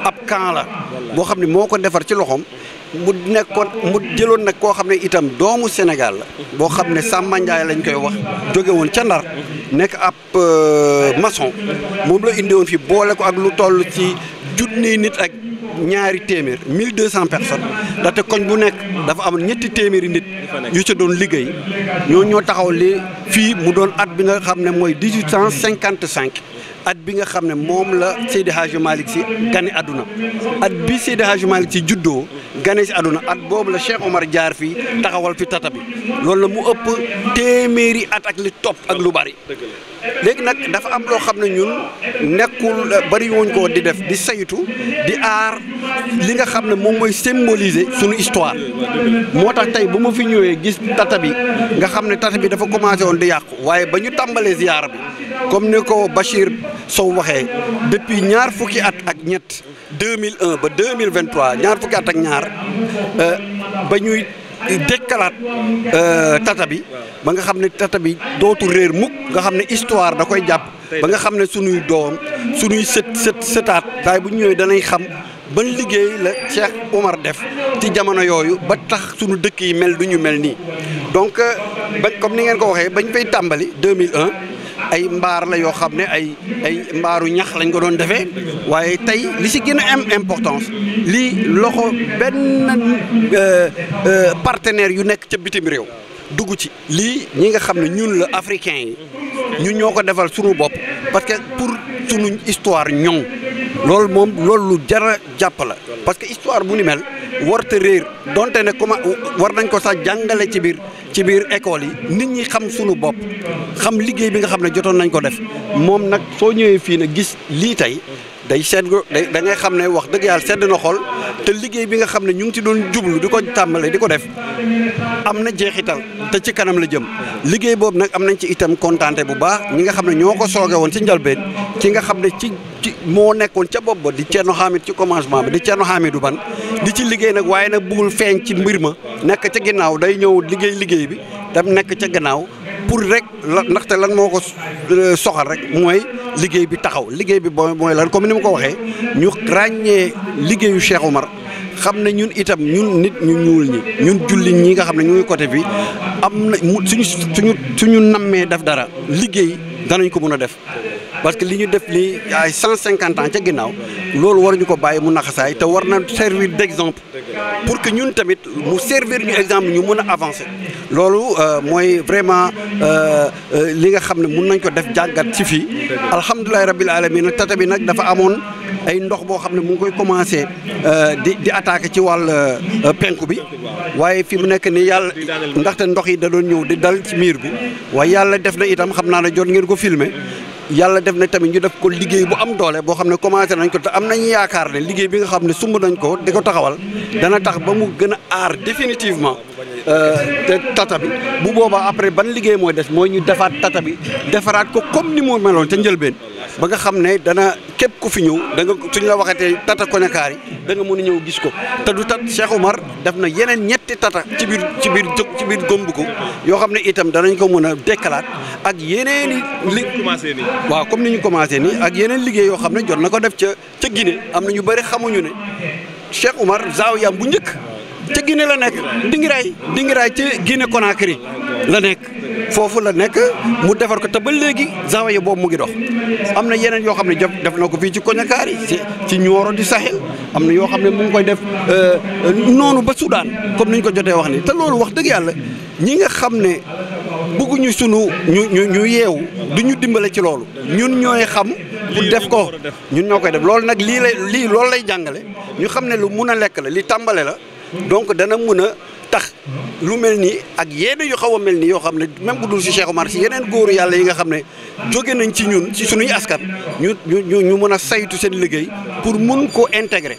ab camp la boo xam ne moo ko defar ci loxoom mu nekkoon mu jëloon nag koo xam ne itam doomu Sénégal la boo xam ne Samba Ndiaye lañ koy wax jóge woon ca Ndar nekk ab euh, maçon moom la indi woon fi boole ko ak lu toll ci junni nit ak ñaari téeméer mille deux cent personnes ndaxte koñ bu nekk dafa am ñetti téeméeri nit yu ca doon liggéey ñoo ñoo taxaw li fii mu doon at bi nga xam ne mooy dix-huit cent cinquante-cinq at bi nga xam ne moom la Seydi Hadji Malick Sy gane àdduna at bi Seydi Hadji Malick Sy juddoo gane si àdduna at boobu la Cheikh Omar jaar fi taxawal fi tata bi loolu la mu ëpp téeméeri at ak li topp ak lu bari léegi nag dafa am loo xam ne ñun nekkul bariwuñ wuñ ko di def di saytu di aar li nga xam ne moom mooy symboliser suñu histoire moo tax tey bu ma fi ñëwee gis tata bi nga xam ne tata bi dafa commencé woon di yàqu waaye ba ñu tàmbalee ziyaara bi comme ni ko Bachir Sow waxee depuis ñaar fukki at ak ñett 2001 ba 2023 ñaar fukki ak ñaar euh, ba ñuy dekkalaat euh, tata bi ba nga xam ne tata bi dootu réer mukk nga xam ne histoire da koy jàpp ba nga xam ne sunuy doom sunuy sët sët sëtaat waaye bu ñu ñëwee danay xam ban liggéey la Cheikh Omar def ci jamono yooyu ba tax sunu dëkk yi mel du ñu mel nii donc euh, ba comme ni ngeen ko waxee bañ koy tàmbali 2001 ay mbaar la yoo xam ne ay ay mbaaru ñax lañ ko doon defee waaye tey li si gën a am importance lii loxo benn euh, euh, partenaire yu nekk ca bitim réew dugg ci lii ñi nga xam ne ñun la africain yi ñu ñoo ko defal sunu bopp parce que pour suñu histoire ñoŋ loolu moom loolu lu jara jàpp la parce que histoire bu ni mel warta réer donte ne comment war nañ ko sax jangale ci biir ci biir école yi nit ñi xam suñu bopp xam liggéey bi nga xam ne jotoon nañ ko def moom nag soo ñëwee fii nag gis lii tey day sedd da ngay xam ne wax dëgg yàlla sedd na xol te liggéey bi nga xam ne ñu ngi ci doon jublu di ko tàmbalee di ko def am na jeexital te ci kanam la jëm liggéey boobu nag am nañ ci itam kontaante bu baax ñi nga xam ne ñoo ko sooge woon ci njalbeen ci nga xam ne ci ci moo nekkoon ca bopp ba di no Hamidou ci commencement bi di Thierno Hamidou ban di ci liggéey nag waaye nag bëggul feeñ ci mbir ma nekk ca ginnaaw day ñëw liggéey liggéey bi dam nekk ca gannaaw pour rek la ndaxte lan moo ko euh, soxal rek mooy liggéey bi taxaw liggéey bi bo mooy lan comme ni ma ko waxee ñu ràññee liggéeyu Cheikh Omar xam ne ñun itam ñun nit ñu ñuul ñi ñun julli ñi nga xam ne ñu ngi côté bi am na suñu suñu suñu nammee def dara liggéey danañ ko mun a def parce que li ñu def nii ay cent cinquante ans ca ginnaaw loolu waruñu ko bàyyi mu naxasaay te war na servir d' exemple pour que ñun tamit mu servir ñu exemple ñu mën a avancer loolu euh, mooy vraiment euh, euh, li nga xam ne mun nañ ko def jàngat ci fii alhamdulilahi rabbil alamin tata bi nag dafa amoon ay ndox boo xam ne mu ngi koy commencé di di attaqué ci wàll penku bi waaye fi mu nekk ni yàlla ndaxte ndox yi da doon ñëw di dal ci miir bi waaye yàlla def na itam xam naa ne jot ngeen ko filmer yàlla def na tamit ñu def ko liggéey bu am doole boo xam ne commencé nañ ko te am nañ yaakaar ne liggéey bi nga xam ne sumb nañ ko di ko taxawal dana tax ba mu gën a aar définitivement euh, te tata bi bu boobaa après ban liggéey mooy des mooy ñu defaat tata bi defaraat ko comme ni mu meloon ca njëlbeen. ba nga xam ne dana képp ku fi ñëw da nga suñ la waxatee tata Konakari da nga mën a ñëw gis ko te du tat Cheikh Omar def na yeneen ñetti tata ci biir ci biir jóg ci biir gomb ko yoo xam ne itam danañ ko mën a dekkalaat ak yeneen li commencé nii waaw comme ni ñu commencé nii ak yeneen liggéey yoo xam ne jot na ko def ca ca Guinée am na ñu bëri xamuñu ne Cheikh Omar yam bu njëkk ca Guinée la nekk Dingiraay Dingiraay ca Guinée Conakry la nekk foofu la nekk mu defar ko te ba léegi zawaye boobu mu ngi dox am na yeneen yoo xam ne def na ko fii ci Koñakaari ci ci Nioro di Sahel am na yoo xam ne mu ngi koy def euh, noonu ba Soudan comme ni ñu ko jotee wax ni te loolu wax dëgg yàlla ñi nga xam ne bëgguñu sunu ñu ñu ñu yeewu du ñu dimbale ci loolu ñun ñooy xam bu def ko ñun ñoo koy def loolu nag lii lay lii loolu lay jàngale ñu xam ne lu mun a lekk la li tàmbale la donc dana mën a tax lu mel nii ak yeneen yu xaw a mel nii yoo xam ne même bu dul si Cheikh Omar si yeneen góoru yàlla yi nga xam ne jóge nañ ci ñun ci sunuy askan ñu ñu ñu mën a saytu seen liggéey pour mun koo intégrer.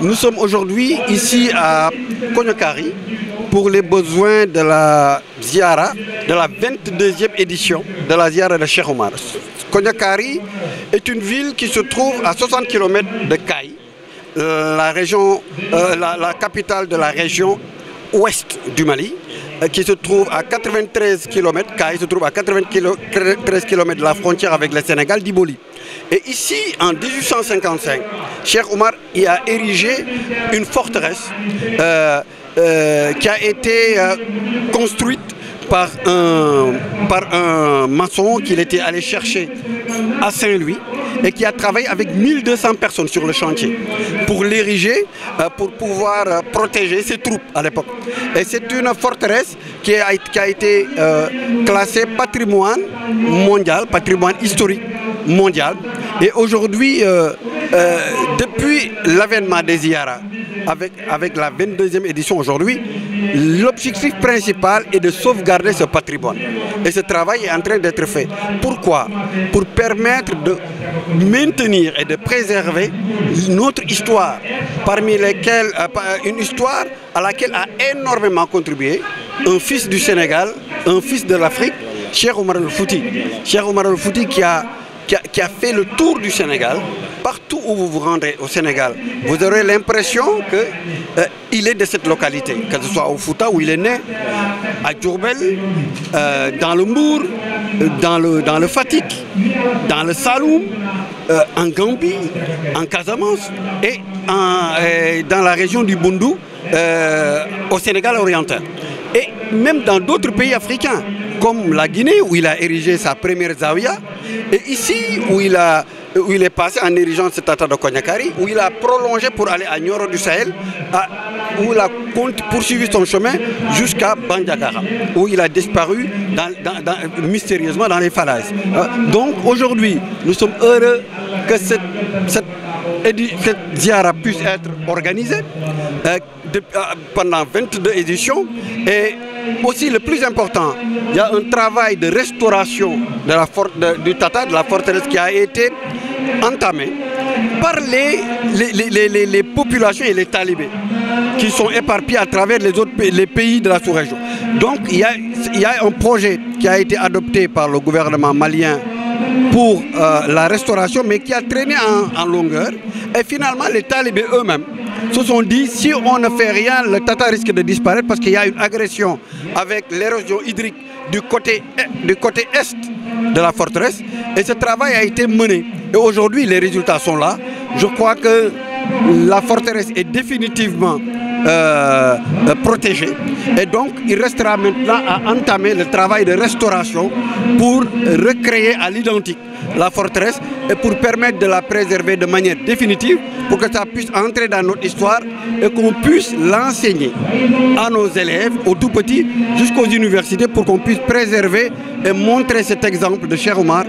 Nous sommes aujourd'hui ici à Konyokari pour les besoins de la Ziara, de la 22e édition de la Ziara de Cheikh Omar. Konyakari est une ville qui se trouve à 60 km de Kai, la, région, euh, la, capitale de la région ouest du Mali, euh, qui se trouve à 93 km, se trouve à 93 km de la frontière avec le Sénégal d'Iboli. Et ici, en 1855, Cher Omar a érigé une forteresse euh, euh, qui a été euh, construite par un, par un maçon qu'il était allé chercher à Saint-Louis et qui a travaillé avec 1200 personnes sur le chantier pour l'ériger, pour pouvoir protéger ses troupes à l'époque. Et c'est une forteresse qui a été classée patrimoine mondial, patrimoine historique mondiale. Et aujourd'hui, euh, euh, depuis l'avènement des IARA, avec, avec la 22e édition aujourd'hui, l'objectif principal est de sauvegarder ce patrimoine. Et ce travail est en train d'être fait. Pourquoi Pour permettre de maintenir et de préserver notre histoire, parmi lesquelles euh, une histoire à laquelle a énormément contribué un fils du Sénégal, un fils de l'Afrique, cher Omar El fouti Cheikh Omar fouti qui a qui a, fait le tour du Sénégal. Partout où vous vous rendez au Sénégal, vous aurez l'impression qu'il euh, est de cette localité, que ce soit au Fouta où il est né, à Djourbel, euh, dans le Mour, euh, dans le, dans le Fatik, dans le Saloum, en Gambie, en Casamance et, dans la région du Bundu, au Sénégal oriental. Et même dans d'autres pays africains, comme la Guinée où il a érigé sa première Zawiya, et ici où il, a, où il est passé en érigeant cet attaque de Konyakari, où il a prolongé pour aller à Nioro du Sahel, où il a poursuivi son chemin jusqu'à Bandiagara, où il a disparu mystérieusement dans les falaises. Euh, donc aujourd'hui, nous sommes heureux que cette, cette, ziara puisse être organisée. Euh, euh, pendant 22 éditions. Et aussi le plus important, il y a un travail de restauration de la du Tata, de la forteresse qui a été entamé par les, populations et les talibés qui sont éparpillés à travers les autres les pays de la sous-région. Donc il y, a, un projet qui a été adopté par le gouvernement malien pour euh, la restauration, mais qui a traîné en longueur. Et finalement, les talibés eux-mêmes se sont dit si on ne fait rien, le Tata risque de disparaître parce qu'il y a une agression avec l'érosion hydrique du côté, e, du côté est de la forteresse. Et ce travail a été mené. Et aujourd'hui, les résultats sont là. Je crois que la forteresse est définitivement euh, protégé Et donc, il restera maintenant à entamer le travail de restauration pour recréer à l'identique la forteresse et pour permettre de la préserver de manière définitive pour que ça puisse entrer dans notre histoire et qu'on puisse l'enseigner à nos élèves, aux tout petits, jusqu'aux universités pour qu'on puisse préserver et montrer cet exemple de Cher Omar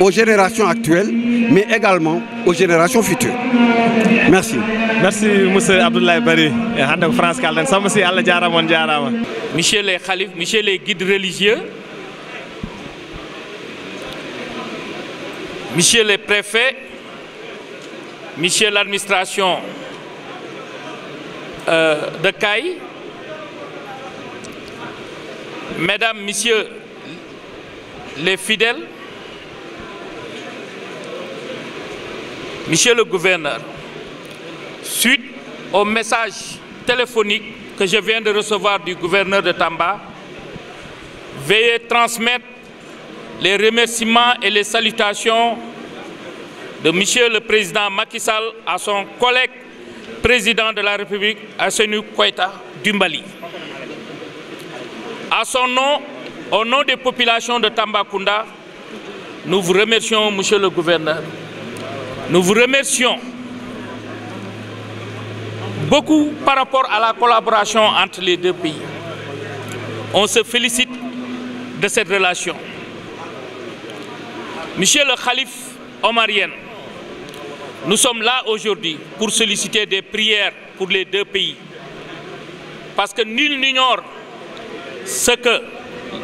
aux générations actuelles mais également aux générations futures merci merci monsieur Abdoulaye Barry, et ko france kalden samba allah Mon monsieur les Khalif, monsieur les guides religieux monsieur les préfets monsieur l'administration euh, de CAI mesdames messieurs les fidèles Monsieur le gouverneur, suite au message téléphonique que je viens de recevoir du gouverneur de Tamba, veuillez transmettre les remerciements et les salutations de Monsieur le Président Macky Sall à son collègue président de la République, Asenu Koueta, Dumbali. À son nom, au nom des populations de Tambacounda, nous vous remercions, Monsieur le Gouverneur, nous vous remercions beaucoup par rapport à la collaboration entre les deux pays. On se félicite de cette relation. Monsieur le calife Omarien, nous sommes là aujourd'hui pour solliciter des prières pour les deux pays. Parce que nul n'ignore ce que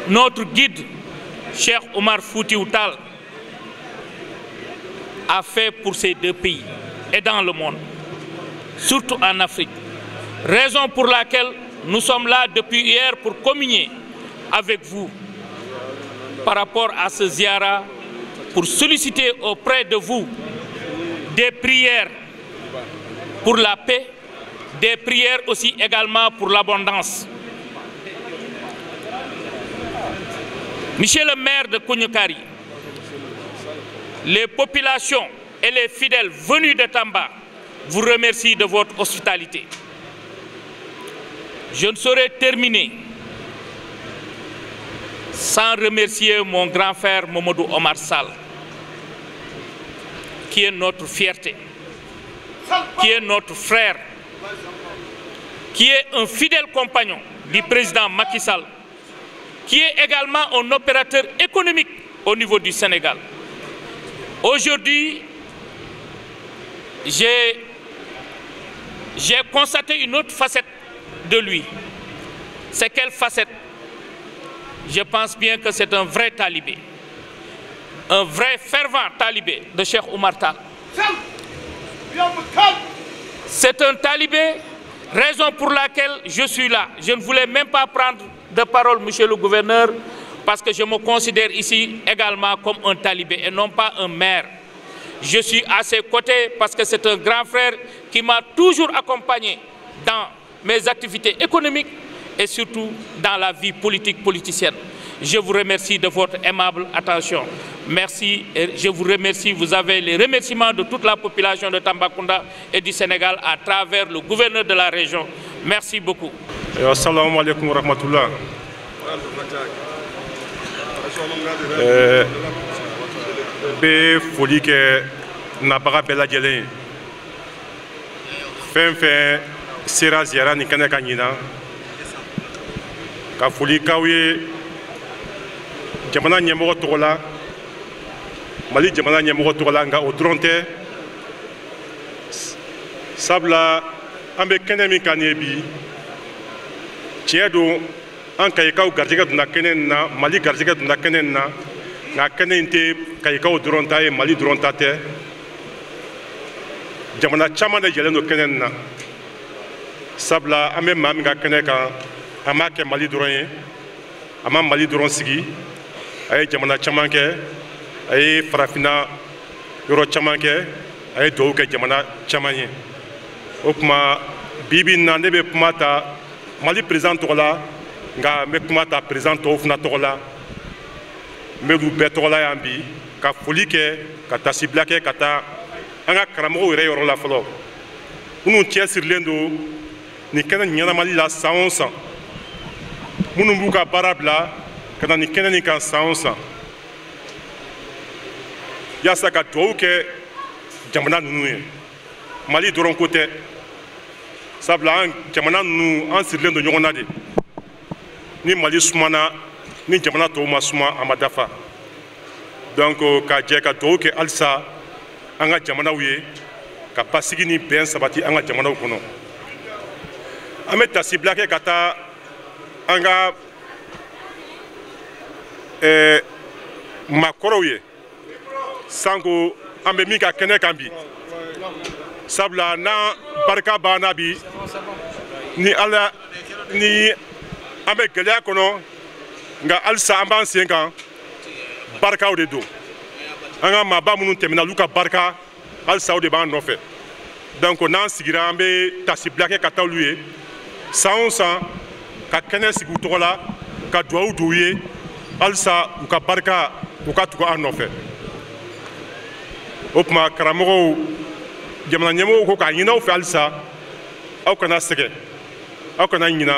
notre guide, Cheikh Omar Foutioutal a fait pour ces deux pays et dans le monde, surtout en Afrique. Raison pour laquelle nous sommes là depuis hier pour communier avec vous par rapport à ce ziara, pour solliciter auprès de vous des prières pour la paix, des prières aussi également pour l'abondance. Monsieur le maire de Kounyakari les populations et les fidèles venus de Tamba vous remercient de votre hospitalité. Je ne saurais terminer sans remercier mon grand frère Momodou Omar Sall, qui est notre fierté, qui est notre frère, qui est un fidèle compagnon du président Macky Sall, qui est également un opérateur économique au niveau du Sénégal. Aujourd'hui, j'ai constaté une autre facette de lui. C'est quelle facette Je pense bien que c'est un vrai talibé, un vrai fervent talibé de Cheikh Oumar C'est un talibé, raison pour laquelle je suis là. Je ne voulais même pas prendre de parole, monsieur le gouverneur, parce que je me considère ici également comme un talibé et non pas un maire. Je suis à ses côtés parce que c'est un grand frère qui m'a toujours accompagné dans mes activités économiques et surtout dans la vie politique politicienne. Je vous remercie de votre aimable attention. Merci et je vous remercie. Vous avez les remerciements de toute la population de Tambacounda et du Sénégal à travers le gouverneur de la région. Merci beaucoup. Euh, bɛ foli kɛ nabaga bɛɛ lajɛlen ye fɛn fɛn sera ziyara nin kɛnɛ ka ɲina ka foli kaw ye jamana ɲɛmɔgɔ tɔgɔ la mali jamana ɲɛmɔgɔ tɔgɔ la nka o dɔrɔn tɛ sabula an bɛ kɛnɛ min kan nin ye bi tiɲɛ don an kayikaw garijɛgɛ donna kɛnɛ nin na mali garjiga donna kɛnɛ nin na nka inte in tɛ kayikaw dɔrɔn mali duronta te jamana chama de jelen do kene na sabla ame mam maa min ka ama ke mali dɔrɔn ye a mali duron sigi ay jamana chama ke ay farafina yoro chama ke ay ye ke jamana chama ye o tuma na ne bɛ kuma mali perezan tɔgɔ la nka n bɛ kuma ta perezan tɔw fana tɔgɔ la n bɛ k'u bɛɛ tɔgɔ la yan bi ka foli kɛ ka tasibila kɛ ka taa an ka karamɔgɔw yɛrɛ yɔrɔ la fɔlɔ minnu cɛsirilen don nin kɛnɛ ɲɛnamali la san o san minnu b'u ka baara bila ka na nin kɛnɛ nin kan san o san yaasa ka dugawu kɛ jamana ninnu ye mali dɔrɔn ko tɛ sabula an jamana ninnu an sirilen don ɲɔgɔn na de ni mali sumana ni jamana tɔw ma suma a ma dafa donc euh, ka jɛ ka dɔw kɛ halisa an ka jamanaw ye ka basigi ni bɛn sabati an ka jamanaw kɔnɔ an bɛ tasibila kɛ ka taa an ka eh, makɔrɔw ye sanko an bɛ min ka kɛnɛ kan bi sabula n'an barika banna bi ni ala ni an bɛ gɛlɛya kɔnɔ nka halisa an b'an sen kan barikaw de don an ka maaba minnu tɛmɛna olu ka barika halisa o de b'an nɔfɛ donc n'an sigira an bɛ tasibila kɛ ka taa olu ye san o san ka kɛnɛ sigi u tɔgɔ la ka duwawu don u ye halisa u ka barika u ka tugu an nɔfɛ o tuma karamɔgɔw jamana ɲɛmɔgɔw ko k'a ɲini aw fɛ halisa aw kana sɛgɛ aw kana ɲina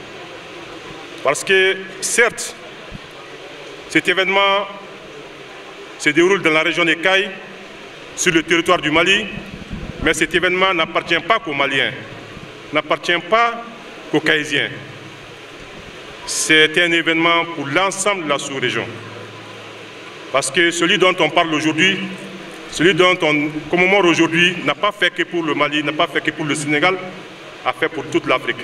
Parce que, certes, cet événement se déroule dans la région des Cailles, sur le territoire du Mali, mais cet événement n'appartient pas qu'aux Maliens, n'appartient pas qu'aux Caïsiens. C'est un événement pour l'ensemble de la sous-région. Parce que celui dont on parle aujourd'hui, celui dont on commémore aujourd'hui, n'a pas fait que pour le Mali, n'a pas fait que pour le Sénégal, a fait pour toute l'Afrique.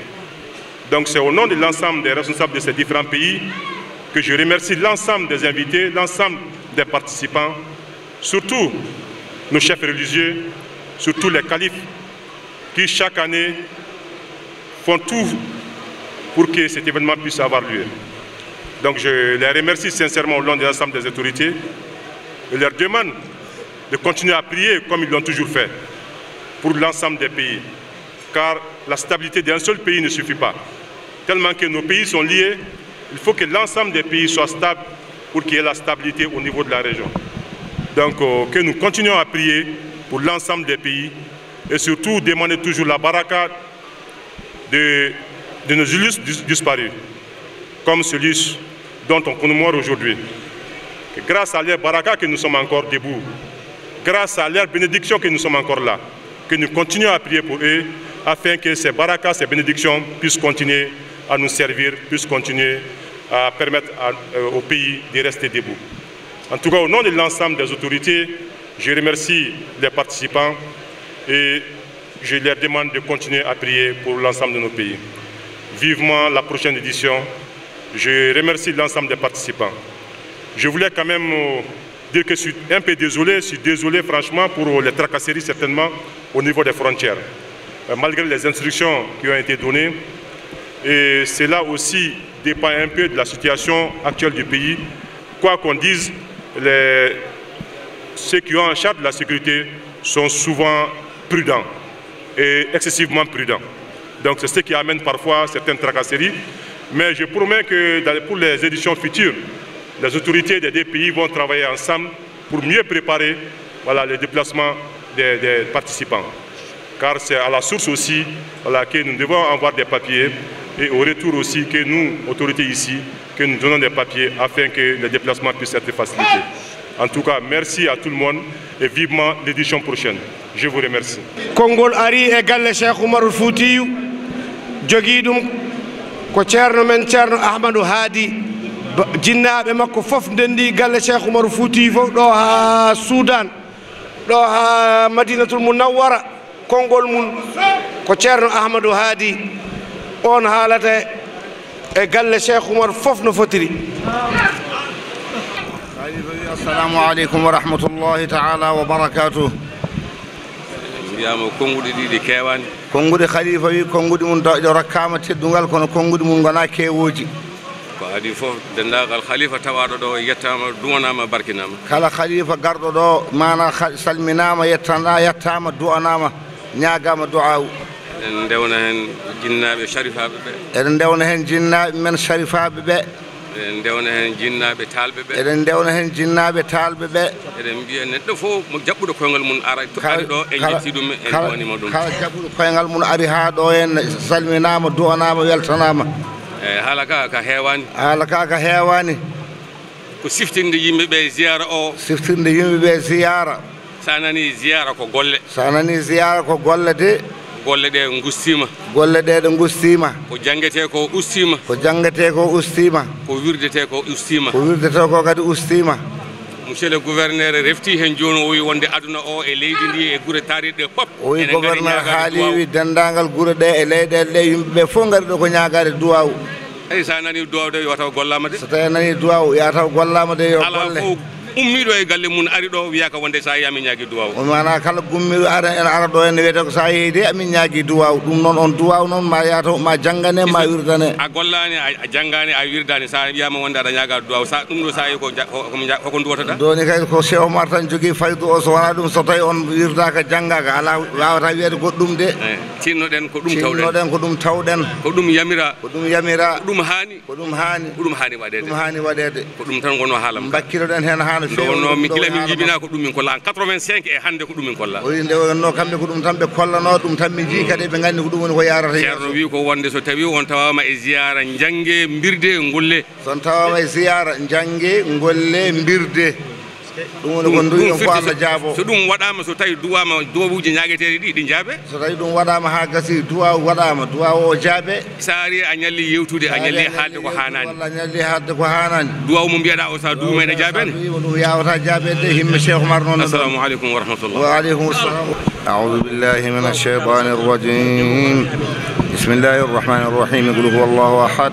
Donc c'est au nom de l'ensemble des responsables de ces différents pays que je remercie l'ensemble des invités, l'ensemble des participants, surtout nos chefs religieux, surtout les califes, qui chaque année font tout pour que cet événement puisse avoir lieu. Donc je les remercie sincèrement au nom de l'ensemble des autorités et leur demande de continuer à prier comme ils l'ont toujours fait pour l'ensemble des pays, car la stabilité d'un seul pays ne suffit pas tellement que nos pays sont liés, il faut que l'ensemble des pays soit stable pour qu'il y ait la stabilité au niveau de la région. Donc euh, que nous continuions à prier pour l'ensemble des pays et surtout demander toujours la baraka de, nos illustres disparus, comme celui dont on commémore aujourd'hui. Grâce à leur baraka que nous sommes encore debout, grâce à leur bénédiction que nous sommes encore là, que nous continuions à prier pour eux afin que ces barakas, ces bénédictions puissent continuer à nous servir puisse continuer à permettre euh, au pays de rester debout. En tout cas, au nom de l'ensemble des autorités, je remercie les participants et je leur demande de continuer à prier pour l'ensemble de nos pays. Vivement la prochaine édition. Je remercie l'ensemble des participants. Je voulais quand même euh, dire que je suis un peu désolé, je suis désolé franchement pour les tracasseries certainement au niveau des frontières. Euh, malgré les instructions qui ont été données, et cela aussi dépend un peu de la situation actuelle du pays. Quoi qu'on dise, les... ceux qui ont en charge de la sécurité sont souvent prudents et excessivement prudents. Donc c'est ce qui amène parfois certaines tracasseries. Mais je promets que pour les éditions futures, les autorités des deux pays vont travailler ensemble pour mieux préparer voilà, les déplacements des, participants. Car c'est à la source aussi que nous devons avoir des papiers et au retour aussi que nous, autorités ici, que nous donnons des papiers afin que les déplacements puissent être facilités. En tout cas, merci à tout le monde et vivement l'édition prochaine. Je vous remercie. Kongol ari et galle Cheikh Omar Foutiyou jogi dum ko men Ahmadou Hadi jinnaɓe makko fof ndendi galle Cheikh Omar Foutiyou fof ha Soudan ɗo ha Madinatul Munawwara kongol mum ko Ahmadou Hadi on haalata e galle cheikh oumar fof no fotiri assalamu aleykum wa rahmatullahi taala wa barakatuh wiyama konnguɗe ɗiɗi kewani konnguɗe khalifa wi konnguɗe mum ɗo rakkama teddugal kono konnguɗe mum gona kewoji ko adi fof dendagal khalifa tawaɗo ɗo yettama duwanama barkinama kala khalifa garɗo ɗo mana salminama yettana yettama du'anama ñagama du'awu en dewna hen jinnaɓe sharifaɓe ɓe eɗen dewna hen jinnaɓe men sharifaɓe ɓe eɗen dewna hen jinnaɓe taalɓe ɓe eɗen dewna hen jinnaɓe taalɓe ɓe eɗen mbiya neɗɗo fof mo jaɓɓuɗo koyngal mum ara ari ɗo en jetti ɗum en donima ɗum kala jaɓɓuɗo koyngal mum ari ha ɗo en salminama duwanama weltanama eyyi haala ka ka heewani haala ka ka heewani ko siftinde yimɓeɓe ziyara o siftinde yimɓeɓe ziyara sa nani ziyara ko golle sa nani ziyara ko golle de golle ɗe gustima golle ɗe ɗe gustima ko janguete ko ustima ko janguete ko ustima ko wirdete ko ustima ko wirdete ko kadi ustima monsieur le gouverneur refti hen joni o wi wonde aduna o e leydi ndi e guure tariɗe foof o wi gouverneur haali wi dendagal guure ɗe e leyɗele ɗe yimɓeɓe foof gaari ɗo ko ñagade duwaw eyyi sa nani duwaw de yo taw gollama de so tawi a nani duwaw yataw gollama de yo golle ummiɗo e galle mum ari ɗo wiya ka wonde sa yi amin ñaagui duwaw mana kala gummiɗo ara ene ara ɗo ene wiyete ko sa yeyde amin ñaagui duwaw ɗum noon on duwaw noon ma yaata ma janggane ma wirdane a gollani a janggani a wirdani sa wiyama wonde aɗa ñaaga duwaw sa ɗum ɗo sa yi koko duwatata doni kadi ko chef omar tan jogui faydu o so wona ɗum so tawi on wirdaka janggaka ala wawata wiyede goɗɗum de eh, tinnoɗen ko ɗum tawɗen ko ɗum tawɗen ko ɗum yamira ko ɗum yamira ko ɗum hani ko ɗum hani ko ɗum hani waɗede ɗum hani waɗede ko ɗum tan gono haalam bakkiroɗen hen hana ɗowno mi gila min jibina ko ɗumin kolla en 85 e hannde ko ɗumin kolla oyi nde wonno kamɓe ko ɗum tan ɓe kollano ɗum tan min jii kadi ɓe nganndi ko ɗum woni ko yarata ceerno wi ko wonde so tawi e e on tawama e ziyara jangge birde golle son tawama e ziyara jangge golle birde ɗum woni ko duyon fof allah jaabo so ɗum waɗama so tawi duwama duwabuji ñagueteɗi ɗi ɗi jaabe so tawi ɗum waɗama ha gasi duwa waɗama duwa o jaabe sa ari a ñalli yewtude a ñalli haalde ko hanani walla ñalli haalde ko hanani duwa mo mbiyaɗa o sa duumeɗe jaabene ɗum yawata jaabede himme cheikh oumar noon assalamu aleykum wa rahmatullah wa aleykum assalam أعوذ بالله من الشيطان الرجيم بسم الله الرحمن الرحيم قل هو الله أحد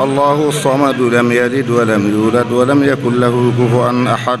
الله الصمد لم يلد ولم يولد ولم يكن له كفوا أحد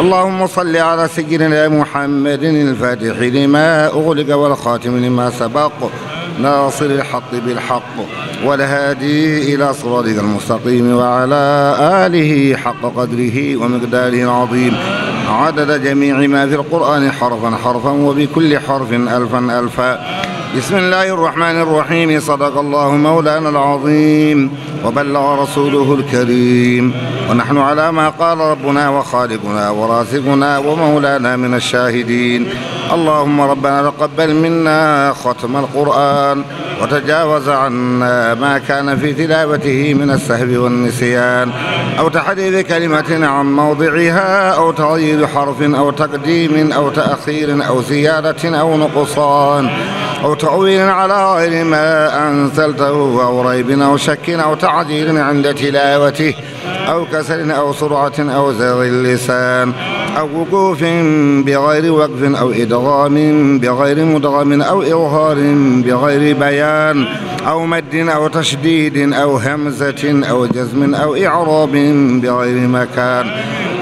اللهم صل على سيدنا محمد الفاتح لما أغلق والخاتم لما سبق ناصر الحق بالحق والهادي إلى صراطك المستقيم وعلى آله حق قدره ومقداره العظيم عدد جميع ما في القرآن حرفا حرفا وبكل حرف ألفا ألفا بسم الله الرحمن الرحيم صدق الله مولانا العظيم وبلغ رسوله الكريم ونحن على ما قال ربنا وخالقنا ورازقنا ومولانا من الشاهدين اللهم ربنا تقبل منا ختم القرآن وتجاوز عنا ما كان في تلاوته من السهب والنسيان أو تحديد كلمة عن موضعها أو تغيير حرف أو تقديم أو تأخير أو زيادة أو نقصان أو تعويل على غير ما أنزلته أو ريب أو شك أو تعديل عند تلاوته أو كسل أو سرعة أو زغ اللسان أو وقوف بغير وقف أو إدغام بغير مدغم أو إظهار بغير بيان أو مد أو تشديد أو همزة أو جزم أو إعراب بغير مكان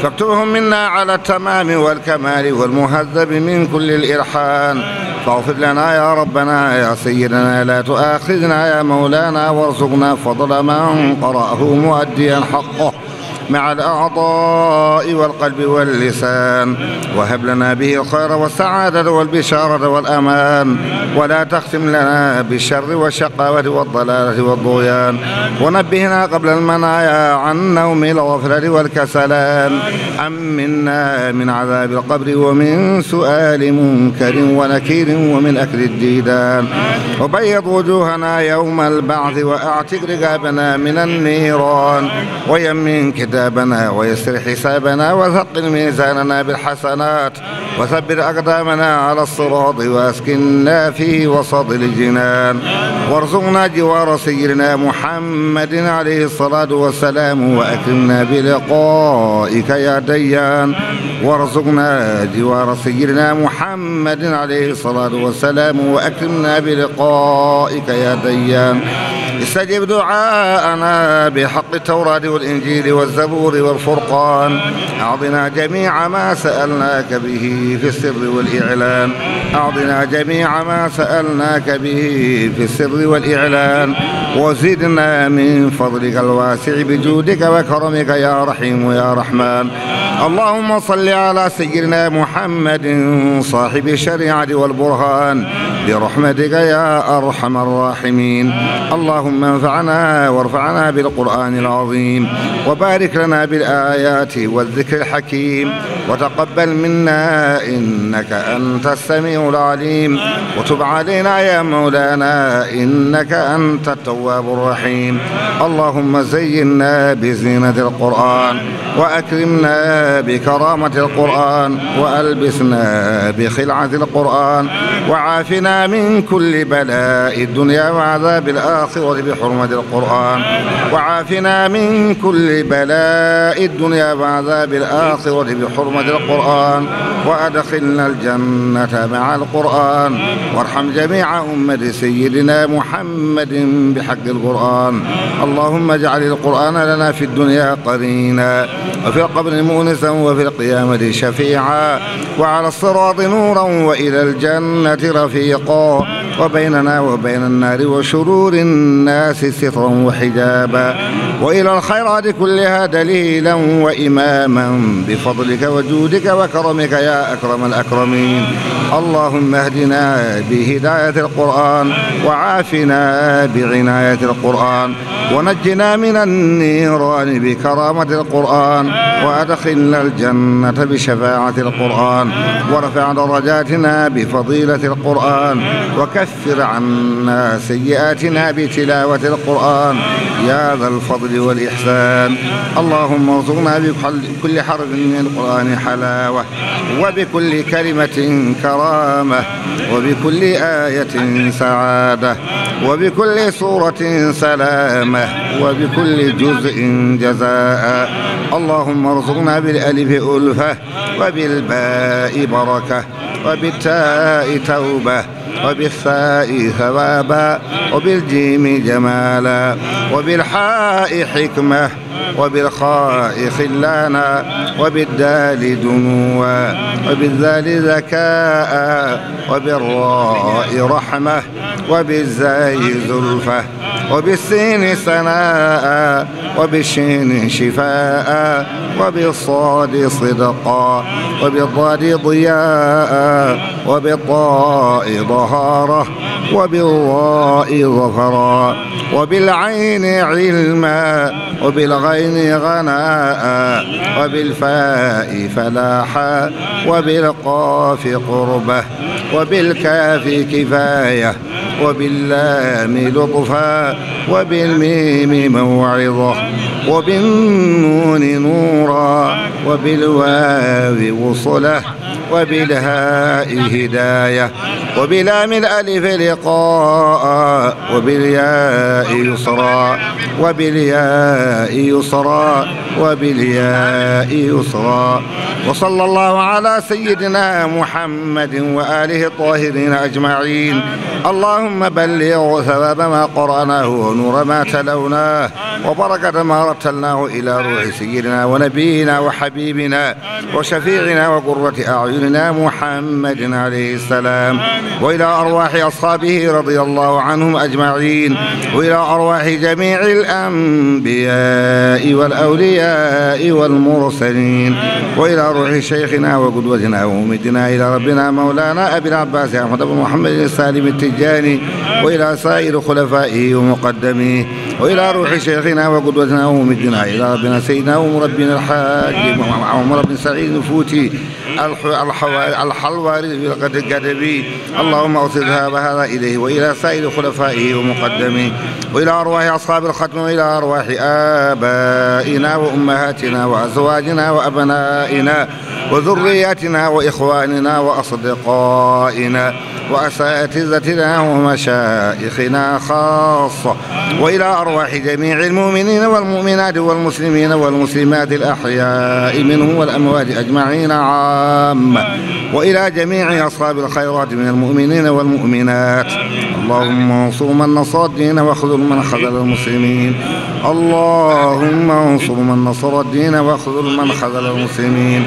فاكتبهم منا على التمام والكمال والمهذب من كل الإلحان فاغفر لنا يا ربنا يا سيدنا لا تؤاخذنا يا مولانا وارزقنا فضل من قرأه مؤديا حقه مع الأعضاء والقلب واللسان وهب لنا به الخير والسعادة والبشارة والأمان ولا تختم لنا بالشر والشقاوة والضلالة والضغيان ونبهنا قبل المنايا عن نوم الغفلة والكسلان أمنا من عذاب القبر ومن سؤال منكر ونكير ومن أكل الديدان وبيض وجوهنا يوم البعث وأعتق رقابنا من النيران ويمن كتاب حسابنا ويسر حسابنا وثقل ميزاننا بالحسنات وثبت أقدامنا على الصراط وأسكننا في وسط الجنان وارزقنا جوار سيدنا محمد عليه الصلاة والسلام وأكرمنا بلقائك يا ديان وارزقنا جوار سيدنا محمد عليه الصلاة والسلام وأكرمنا بلقائك يا ديان استجب دعاءنا بحق التوراة والإنجيل والزبور والفرقان أعطنا جميع ما سألناك به في السر والإعلان أعطنا جميع ما سألناك به في السر والإعلان وزدنا من فضلك الواسع بجودك وكرمك يا رحيم يا رحمن اللهم صل على سيدنا محمد صاحب الشريعة والبرهان برحمتك يا أرحم الراحمين اللهم انفعنا وارفعنا بالقرآن العظيم وبارك لنا بالآيات والذكر الحكيم وتقبل منا إنك أنت السميع العليم وتب علينا يا مولانا إنك أنت التواب الرحيم اللهم زينا بزينة القرآن وأكرمنا بكرامة القرآن وألبسنا بخلعة القرآن وعافنا من كل بلاء الدنيا وعذاب الآخرة بحرمة القرآن وعافنا من كل بلاء الدنيا وعذاب الآخرة بحرمة القرآن وأدخلنا الجنة مع القرآن وارحم جميع أمة سيدنا محمد بحق القرآن اللهم اجعل القرآن لنا في الدنيا قرينا وفي القبر مؤنسا وفي القيامة الحمد شفيعا وعلى الصراط نورا وإلى الجنة رفيقا وبيننا وبين النار وشرور الناس سترا وحجابا وإلى الخيرات كلها دليلا وإماما بفضلك وجودك وكرمك يا أكرم الأكرمين اللهم اهدنا بهداية القرآن وعافنا بعناية القرآن ونجنا من النيران بكرامة القرآن وأدخلنا الجنة بشفاعة القرآن ورفع درجاتنا بفضيلة القرآن وكفر عنا سيئاتنا بتلاوة القرآن يا ذا الفضل بالعدل والإحسان اللهم ارزقنا بكل حرف من القرآن حلاوة وبكل كلمة كرامة وبكل آية سعادة وبكل سورة سلامة وبكل جزء جزاء اللهم ارزقنا بالألف ألفة وبالباء بركة وبالتاء توبة وبالفاء ثوابا وبالجيم جمالا وبالحاء حكمه وبالخاء خلانا وبالدال دنوا وبالذال ذكاء وبالراء رحمة وبالزاي زلفة وبالسين سناء وبالشين شفاء وبالصاد صدقا وبالضاد ضياء وبالطاء ظهارة وبالراء ظفرا وبالعين علما وبالغين بالعين غناء وبالفاء فلاحا وبالقاف قربة وبالكاف كفاية وباللام لطفا وبالميم موعظة وبالنون نورا وبالواو وصله وبالهاء هداية وبلام الألف لقاء وبالياء يسرا وبالياء يسرا وبالياء يسرا وصلى الله على سيدنا محمد وآله الطاهرين أجمعين اللهم بلغ ثواب ما قرأناه ونور ما تلوناه وبركة ما رتلناه إلى روح سيدنا ونبينا وحبيبنا وشفيعنا وقرة أعين سيدنا محمد عليه السلام وإلى أرواح أصحابه رضي الله عنهم أجمعين وإلى أرواح جميع الأنبياء والأولياء والمرسلين وإلى روح شيخنا وقدوتنا ومدنا إلى ربنا مولانا أبي العباس أحمد بن محمد السالم التجاني وإلى سائر خلفائه ومقدميه وإلى روح شيخنا وقدوتنا ومدنا إلى ربنا سيدنا ومربنا الحاج ومربنا سعيد الفوتي الحلواري قد القدبي اللهم اوصل ذهاب هذا اليه والى سائر خلفائه ومقدمه والى ارواح اصحاب الختم والى ارواح ابائنا وامهاتنا وازواجنا وابنائنا وذرياتنا وإخواننا وأصدقائنا وأساتذتنا ومشائخنا خاصة وإلى أرواح جميع المؤمنين والمؤمنات والمسلمين والمسلمات الأحياء منهم والأموات أجمعين عامة وإلى جميع أصحاب الخيرات من المؤمنين والمؤمنات اللهم انصر من نصر الدين واخذل من خذل المسلمين اللهم انصر من نصر الدين واخذل من خذل المسلمين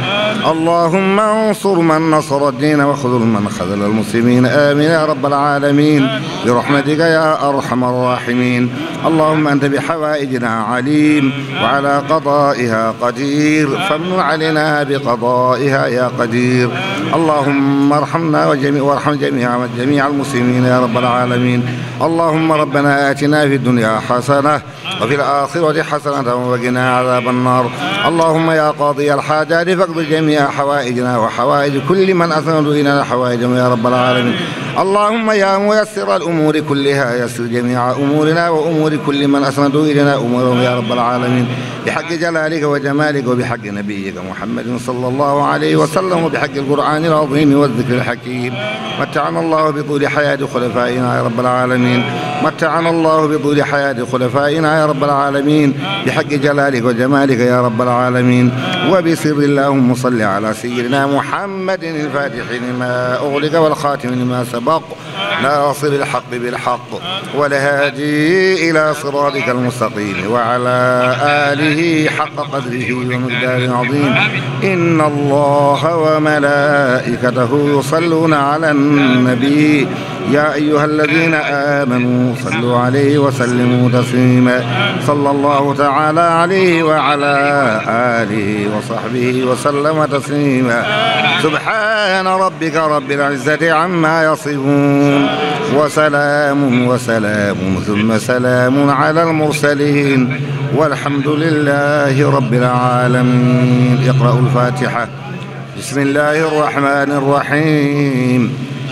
اللهم انصر من نصر الدين وخذل من خذل المسلمين آمين يا رب العالمين برحمتك يا أرحم الراحمين اللهم أنت بحوائجنا عليم وعلى قضائها قدير فامن علينا بقضائها يا قدير اللهم ارحمنا وجميع وارحم جميع جميع المسلمين يا رب العالمين اللهم ربنا آتنا في الدنيا حسنة وفي الآخرة حسنة وقنا عذاب النار اللهم يا قاضي الحاجات فاقض جميع حوائجنا وحوائج كل من أسند إلينا حوائجهم يا رب العالمين اللهم يا ميسر الأمور كلها يسر جميع أمورنا وأمور كل من أسند إلينا أمورهم يا رب العالمين بحق جلالك وجمالك وبحق نبيك محمد صلى الله عليه وسلم وبحق القرآن العظيم والذكر الحكيم متعنا الله بطول حياة خلفائنا يا رب العالمين متعنا الله بطول حياة خلفائنا يا رب رب العالمين بحق جلالك وجمالك يا رب العالمين وبسر اللهم صل على سيدنا محمد الفاتح لما أغلق والخاتم لما سبق ناصر الحق بالحق والهادي إلى صراطك المستقيم وعلى آله حق قدره ومقدار عظيم إن الله وملائكته يصلون على النبي يا أيها الذين آمنوا صلوا عليه وسلموا تسليما صلى الله تعالى عليه وعلى آله وصحبه وسلم تسليما سبحان ربك رب العزة عما يصفون وسلام وسلام ثم سلام على المرسلين والحمد لله رب العالمين اقرأوا الفاتحة بسم الله الرحمن الرحيم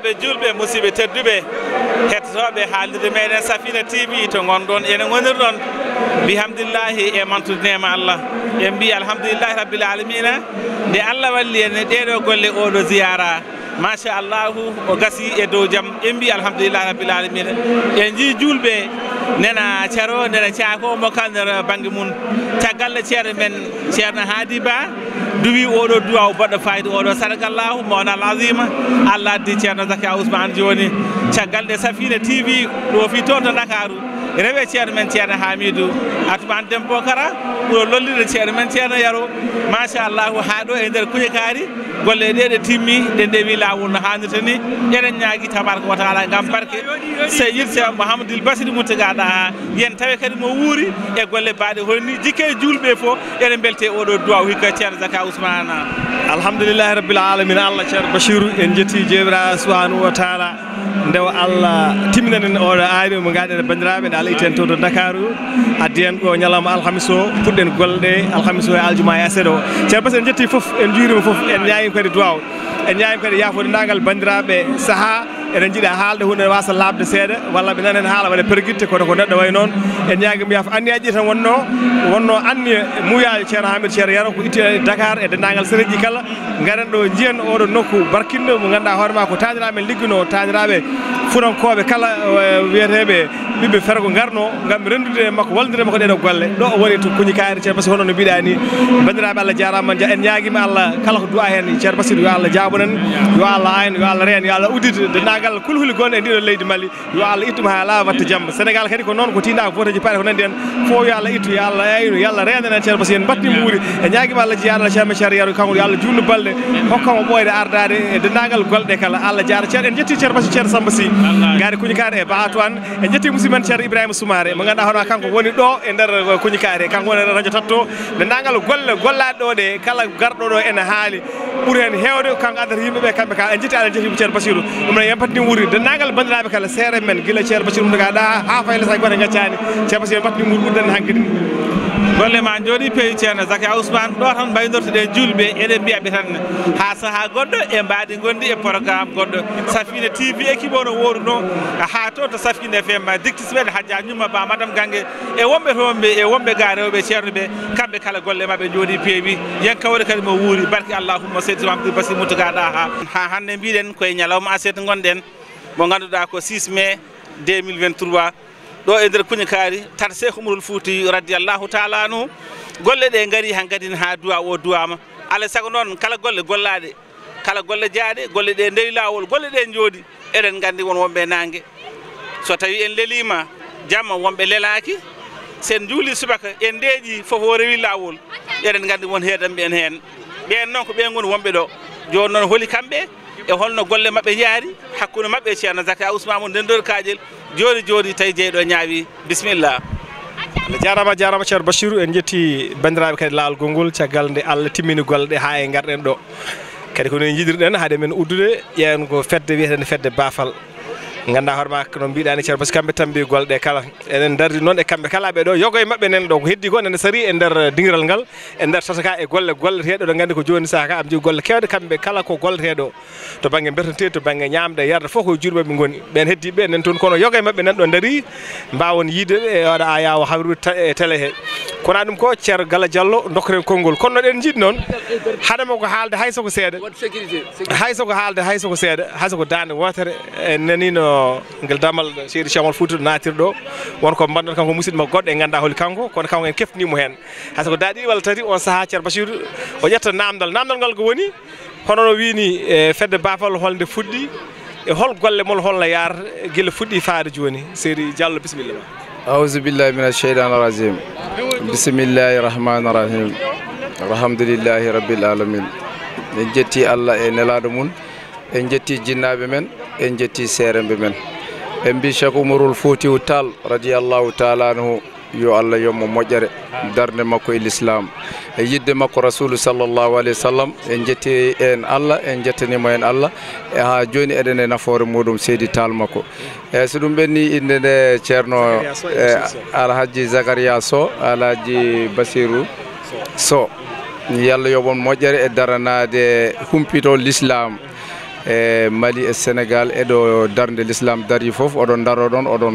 banndiraaɓe julɓe musidɓe tedduɓe hettotooɓe haalirde meeɗen safina tv to gonɗon ene gonirɗon mbi hamdillahi e mantude nema allah e mbi alhamdulillahi rabbil alamina nde allah walli ene ɗeɗo golle oɗo ziyara machallahu o gasi e dow jaam e mbi alhamdulillahi rabbil alamina e ji julɓe nena ceero nena caako mo kalnder banggue mum caggalle ceere men ceerno haadi ba duwi oɗo duwa baɗɗo fayde oɗo sadagallahu mawna l'azima allah addi ceerno zakia ousmane joni caggal ɗe safina tv ɗo fi toon to dakaru rewe ceerno men ceerno hamidou atumani dembocara ɓuuro lollirde ceerno men ceerno yaro machallahu ha ɗo e nder kuñekaari golle ɗe ɗe timmi ɗe ndewi lawol no hannirta ni eɗen ñaagui tabaraka wa taala gam barke se yirtewa mouhamadoul basidi mutagaɗa ha yen tawe kadi mo wuuri e golle baaɗe honni jikke e julɓe foo eɗen belte oɗo duwa hikka ceerno zaka ousmanea alhamdoulillahi rabbil alamina allah ceerno bachirou en jetti jeewira subhanahu wa taala ndewa allah timminanen oɗo aawi mo ngaɗen e banndiraaɓe ɗe alah iten to to dakaru addi hen ɗo ñalawma alhamis o puɗɗen golɗe alhamis o e aljuma e aset o ceerno pasque en jetti foof en jurima foof en ñaawima kadi duwaw en ñaawima kadi yaafude ndagal banndiraaɓe sahaa eɗen jiiɗi e haalde hunde wasa laabde seeɗa walla ɓe nanen haala waɗa perguitte koto ko neɗɗo way noon en ñaagi mbiya fo anniyaji ɗi tan wonno wonno anni muuyaji ceerno hamidou ceerno yano ko itti e dakar e dendagal sére ji kala garen ɗo jiyen oɗo nokku barkinɗo mo ganduɗa hoorema ko taniraɓe liggino taniraɓe fuurankoɓe kala e wiyeteɓe ɓiɓɓe fer go garno gam rendude makko wallodire makko ɗeɗo golle ɗo woni to kuñi kaari ceerno basid hono no mbiɗa ni bandiraɓe allah jarama en ñaguima allah kala ko duwa hen ceerno basid yo allah jabonen yo allah ayno yo allah reen yo allah uddide dendagal Kalau kulhuli gonɗe e ndiɗo leydi mali yo allah ittuma ha laawa watta jamma sénégal kadi ko noon ko tindaka fotaji paari ko nandi hen fo yo allah ittu yo allah yayno yo allah rendana en ceerno par yang que en mbattimo wuuri e ñaguima allah jeeyaɗo allah ceerno ceerno yaro kanko yo allah jundu balɗe hokkamo ɓoyde ardade e dendagal golɗe kala allah jaara ceerno en jetti ceerno basi ceerno samba sy gaari kuñikaare e baato an en jetti musidɓe men ceerno ibrahima soumare mo ganduɗa hono kanko woni ɗo e nder kuñikaare kanko woni radio tatto dendagal golle gollaɗe ɗo ɗe kala garɗo ɗo ene haali ɓuuri ka en basiru ne battin wuri denndaangal banndiraaɓe kala seere men gila ceer basir mum gaaɗa haa fayla sa gota gaccaani ceer basir men battin wuri ɓurdenne hankkadi golle ma jooɗi peewi ceerno zaki ousmane ɗo tan mbaynorto ɗe julɓe eɗen mbiyaɓe tan haa sahaa goɗɗo e mbaadi gonndi e programme goɗɗo safine tv équipe o no wooru no haa to to safine fm dictisɓeɗe hajja ñumma ba madame gange e wonɓe toonɓe e wonɓe ga rewɓe ceerno ɓe kamɓe kala golle maɓe jooɗi peewi yen kawri kadi mo wuuri barki allahumma seydi tomamɗi basi mutugaɗa ha ha hannde mbiɗen koye ñalawma aset gonɗen mo ngannduɗaa ko 6 mai 2023 ɗo e ndeer kuñi kaari tat seeko umrol fuuti radiallahu taala nu golle ɗe ngarii han kadin haa duwa o duwaama alay e sago noon kala golle gollaaɗe kala golle jaaɗe golle ɗe ndewi laawol golle ɗe njooɗi eɗen nganndi won wonɓe naange so tawii en leliima jamma wonɓe lelaaki sen juulii subaka en ndeeƴi fof o rewi laawol eɗen nganndi won heedan ɓeen heen ɓeen noon ko ɓeen ngoni wonɓe ɗo jooni noon holi kamɓe e holno golle maɓɓe jeyaari hakkunde maɓɓe e ceerno zakia ousmamou ndendor kaaƴel jooni jooni tawi jeeyɗo ñaawi bisimilla a jarama jarama ceerno bachirou en jetti bandiraɓe kadi laawol gongol caggal nde allah timmini golle ɗe ha e garɗen ɗo kadi kono en jiɗiriɗen haade men uddude ƴeen ko fedde wiyeteende fedde baafal ganduɗa hoorema no mbiɗani ceerno par ce que kamɓe tambi golɗe kala eɗen dardi noon e kamɓe kala ɓe ɗo yogo e mabɓe nan ɗo ko heddi ko nene saari e nder dingiral ngal e nder tata ka e golle golleteɗo ɗo gandi ko joni sahaka am jogi golle kewɗe kamɓe kala ko golleteɗo to banggue bertanteɗi to banggue ñamde yarde foof koye juuɗe mabɓe gooni ɓen heddiɓe nan toon kono yogo e mabɓe nan ɗo daari mbawon yiideɓe e oɗa a yawa hawrude e télé he kona ɗum ko ceer gala diallo dokkaten konngol kono noɗen jiiɗi noon haɗama ko haalde hay soko seeɗa hay soko haalde hay soko seeɗa hay soko dande wotere e nanino kono ngel damal seydi camal fouta natirɗo wonko mbanɗon kanko musidɗo goɗɗo en ganda holi kanko kono kanko en keftinimo hen hayso ko daaɗi walla tati on saaha ceerno bachir o ƴetta namdal namdal ngal ko woni hono no wini e fedde baafal holde fuɗɗi e hol golle mol holno yaar guila fuɗɗi faade joni seydi diallo bisimilla ma aousubillahi min acheytan rajim bisimillahi rahmani rahim alhamdulillahi rabbil alamin en jetti allah e nelaɗo mum en jetti jinnaɓe men en jetti seerembe men en mbi chak umarul fotiw tall radiallahu taala anhu yo allah yomma moƴƴere darde makko e l'islam e yidde makko rasulu sallllahu alih wa sallam en jetti en allah en jettanima en allah e ha joni eɗen e nafoore muɗum seydi tall makko eyyi so ɗum ɓenni inde nde ceerno e, alhaji zacharia so alhaji basiru so yo allah yoɓon moƴƴere e daranade humpitol l'islam e mali e sénégal eɗo darde l'islam dari foof oɗon daroɗon oɗon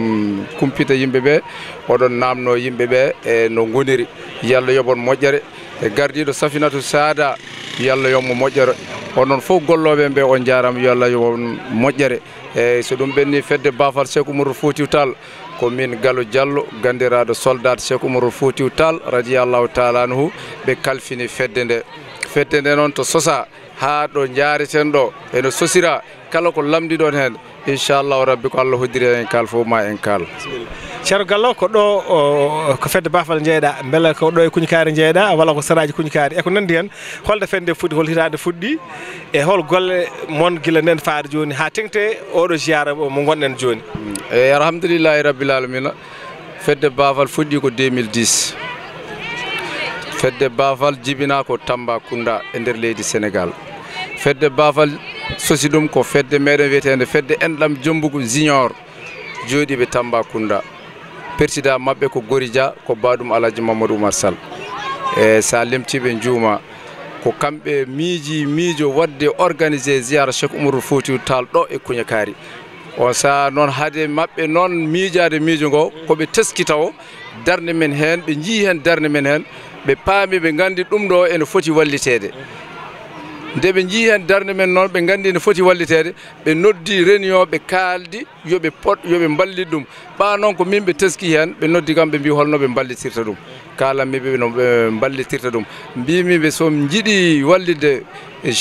kumpita yimɓeɓe oɗon namno yimɓeɓe e no goniri yallah yoɓon moƴƴere e gardiɗo safinatu sada yallah yomo moƴƴere onon foof golloɓe ɓe on jarama yo allah yoon moƴƴere eyyi so ɗum ɓenni fedde bafal cheikh oumaro fotiw tall ko min gallo diallo gandiraɗo soldat cheikh oumaro fotiw tall radiallahu taala anhu ɓe kalfini fedde nde fedde nde noon to sosa ha ɗo jaareten ɗo ene sosira kala ko lamdiɗon hen inchallahu rabbi ko allah hoddiri en kal fof ma en kal ceero gallo ko ɗo ko fedde bafal jeeyɗa beele ko ɗo e kuñkaari jeeyɗa walla ko saraji kuñkaari eko nandi hen holde fende fuɗɗi hol hitade fuɗɗi e hol golle moon gila nden faade joni ha tengte oɗo jiyara mo gonɗen joni mm. eyi alhamdulillahi rabbil alamina fedde bafal fuɗɗi ko 2010 fedde baafal jibina ko tamba kunda e nder leydi sénégal fedde baafal sosi ɗum ko fedde meɗen wiyetede fedde enɗam jombugu junior jooɗiɓe tamba kunda président mabɓe ko gorija ko baɗum alhaji mamadou oumar sall e sa lemtiɓe juuma ko kamɓe miiji miijo wadde organisé ziyara chek umaru fouti tal ɗo e kuña kaari on saha noon haade mabɓe noon miijade miijo ngo koɓe teskitawo darde men hen ɓe jii hen darde men hen ɓe paami ɓe nganndi ɗum ɗo ene foti walliteede nde ɓe njii heen darnde men noon ɓe nganndi ne foti walliteede ɓe noddi renioɓe kaaldi yoɓe pot yo ɓe mballi ɗum ɓaa noon ko min ɓe teski heen ɓe noddi kam ɓe mbi holno ɓe mballitirta ɗum kaalanmiɓeɓe no ɓe mballitirta ɗum mbimiɓe so njiɗi wallide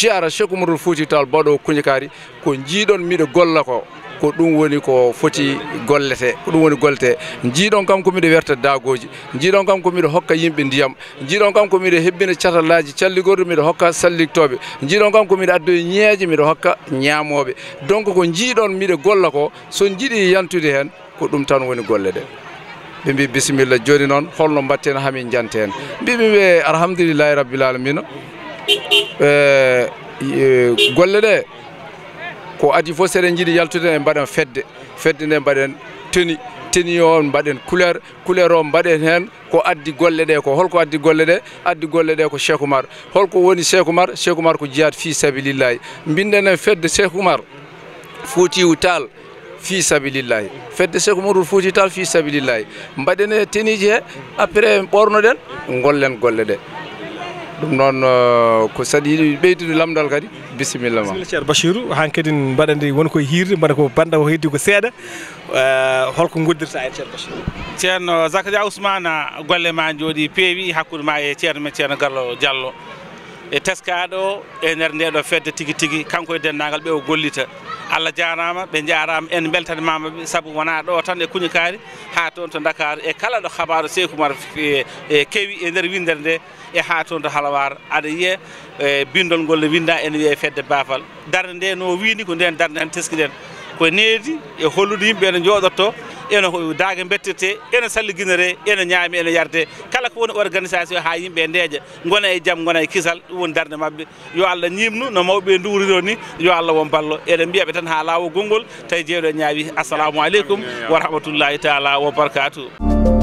gara e chekumoro fouti tal baɗo kuñekaari ko njiiɗon miɗo golla ko ko ɗum woni ko foti gollete ko ɗum woni gollete jiiɗon kam ko miɗa werta daagoji jiiɗon kam ko miɗa hokka yimɓe ndiyam jiiɗon kam ko miɗa hebbina catallaji calligorɗo miɗa hokka salliktoɓe jiiɗon kam ko miɗa addoye ñeeje miɗa hokka ñaamoɓe donc ko jiiɗon miɗa golla ko so jiiɗi yantude hen ko ɗum tan woni golle ɗe ɓe mbi bisimilla joni noon holno mbatten hamin jante hen mbimiɓe alhamdulillahi rabbil alamina e, e, golle ɗe ko adi fof seɗen jiiɗi yaltude en mbaɗen fedde fedde nde mbaɗen teni teni o mbaɗen couleur couleur o mbaɗen heen ko addi golle ɗe ko holko addi golle ɗe addi golle ɗe ko cheikh oumar holko woni cheikh oumar cheikh oumar ko jiyat fi sabilillahi mbinɗen en fedde cheikh oumar fotiw taal fi sabilillahi fedde cheikh oumar ul fotiw taal fi sabilillahi mbaɗen e teniji he après ɓornoɗen gollen golle ɗe ɗum noon uh, ko saɗi yiɗi ɓeydude lamdal kadi bisimilla ma ceer bachirou han kadi mbaɗandi wonko hirde mbaɗa ko banda o heddi ko seeɗa uh, holko goddirta e ceer bachirou ceerno zakaria ousmane golle ma jooɗi peewi hakkude ma e ceerno men ceerno gallo diallo e teskaɗo e nder ndeɗo fedde tigi tigi kanko e dendagal ɓe o gollita allah jarama ɓe jarama en beltanimamaɓe saabu wona ɗo tan e kuñikari ha toon to dakar e kala ɗo habaro seykoumar e, e kewi e nder windere nde e ha toon to halawar aɗa yiya e bindol ngol ne winda ene wiye fedde bafal darde nde no wini ko nden darde tan teskiɗen ko needi e hollude yimɓe ene jooɗotto ene daage mbettirte ene salliginere ene ñaami ene yarde kala ko woni organisation ha yimɓe ndeeƴa gona e jaam gona e kisal ɗum woni darde mabɓe yo allah ñimnu no mawɓe nduwriro ni yo allah won ballo eɗen mbiyaɓe tan ha laawo gongol tawi jeeɗo e ñaawi assalamu aleykum wa rahmatullahi taala wa barkatu t 'en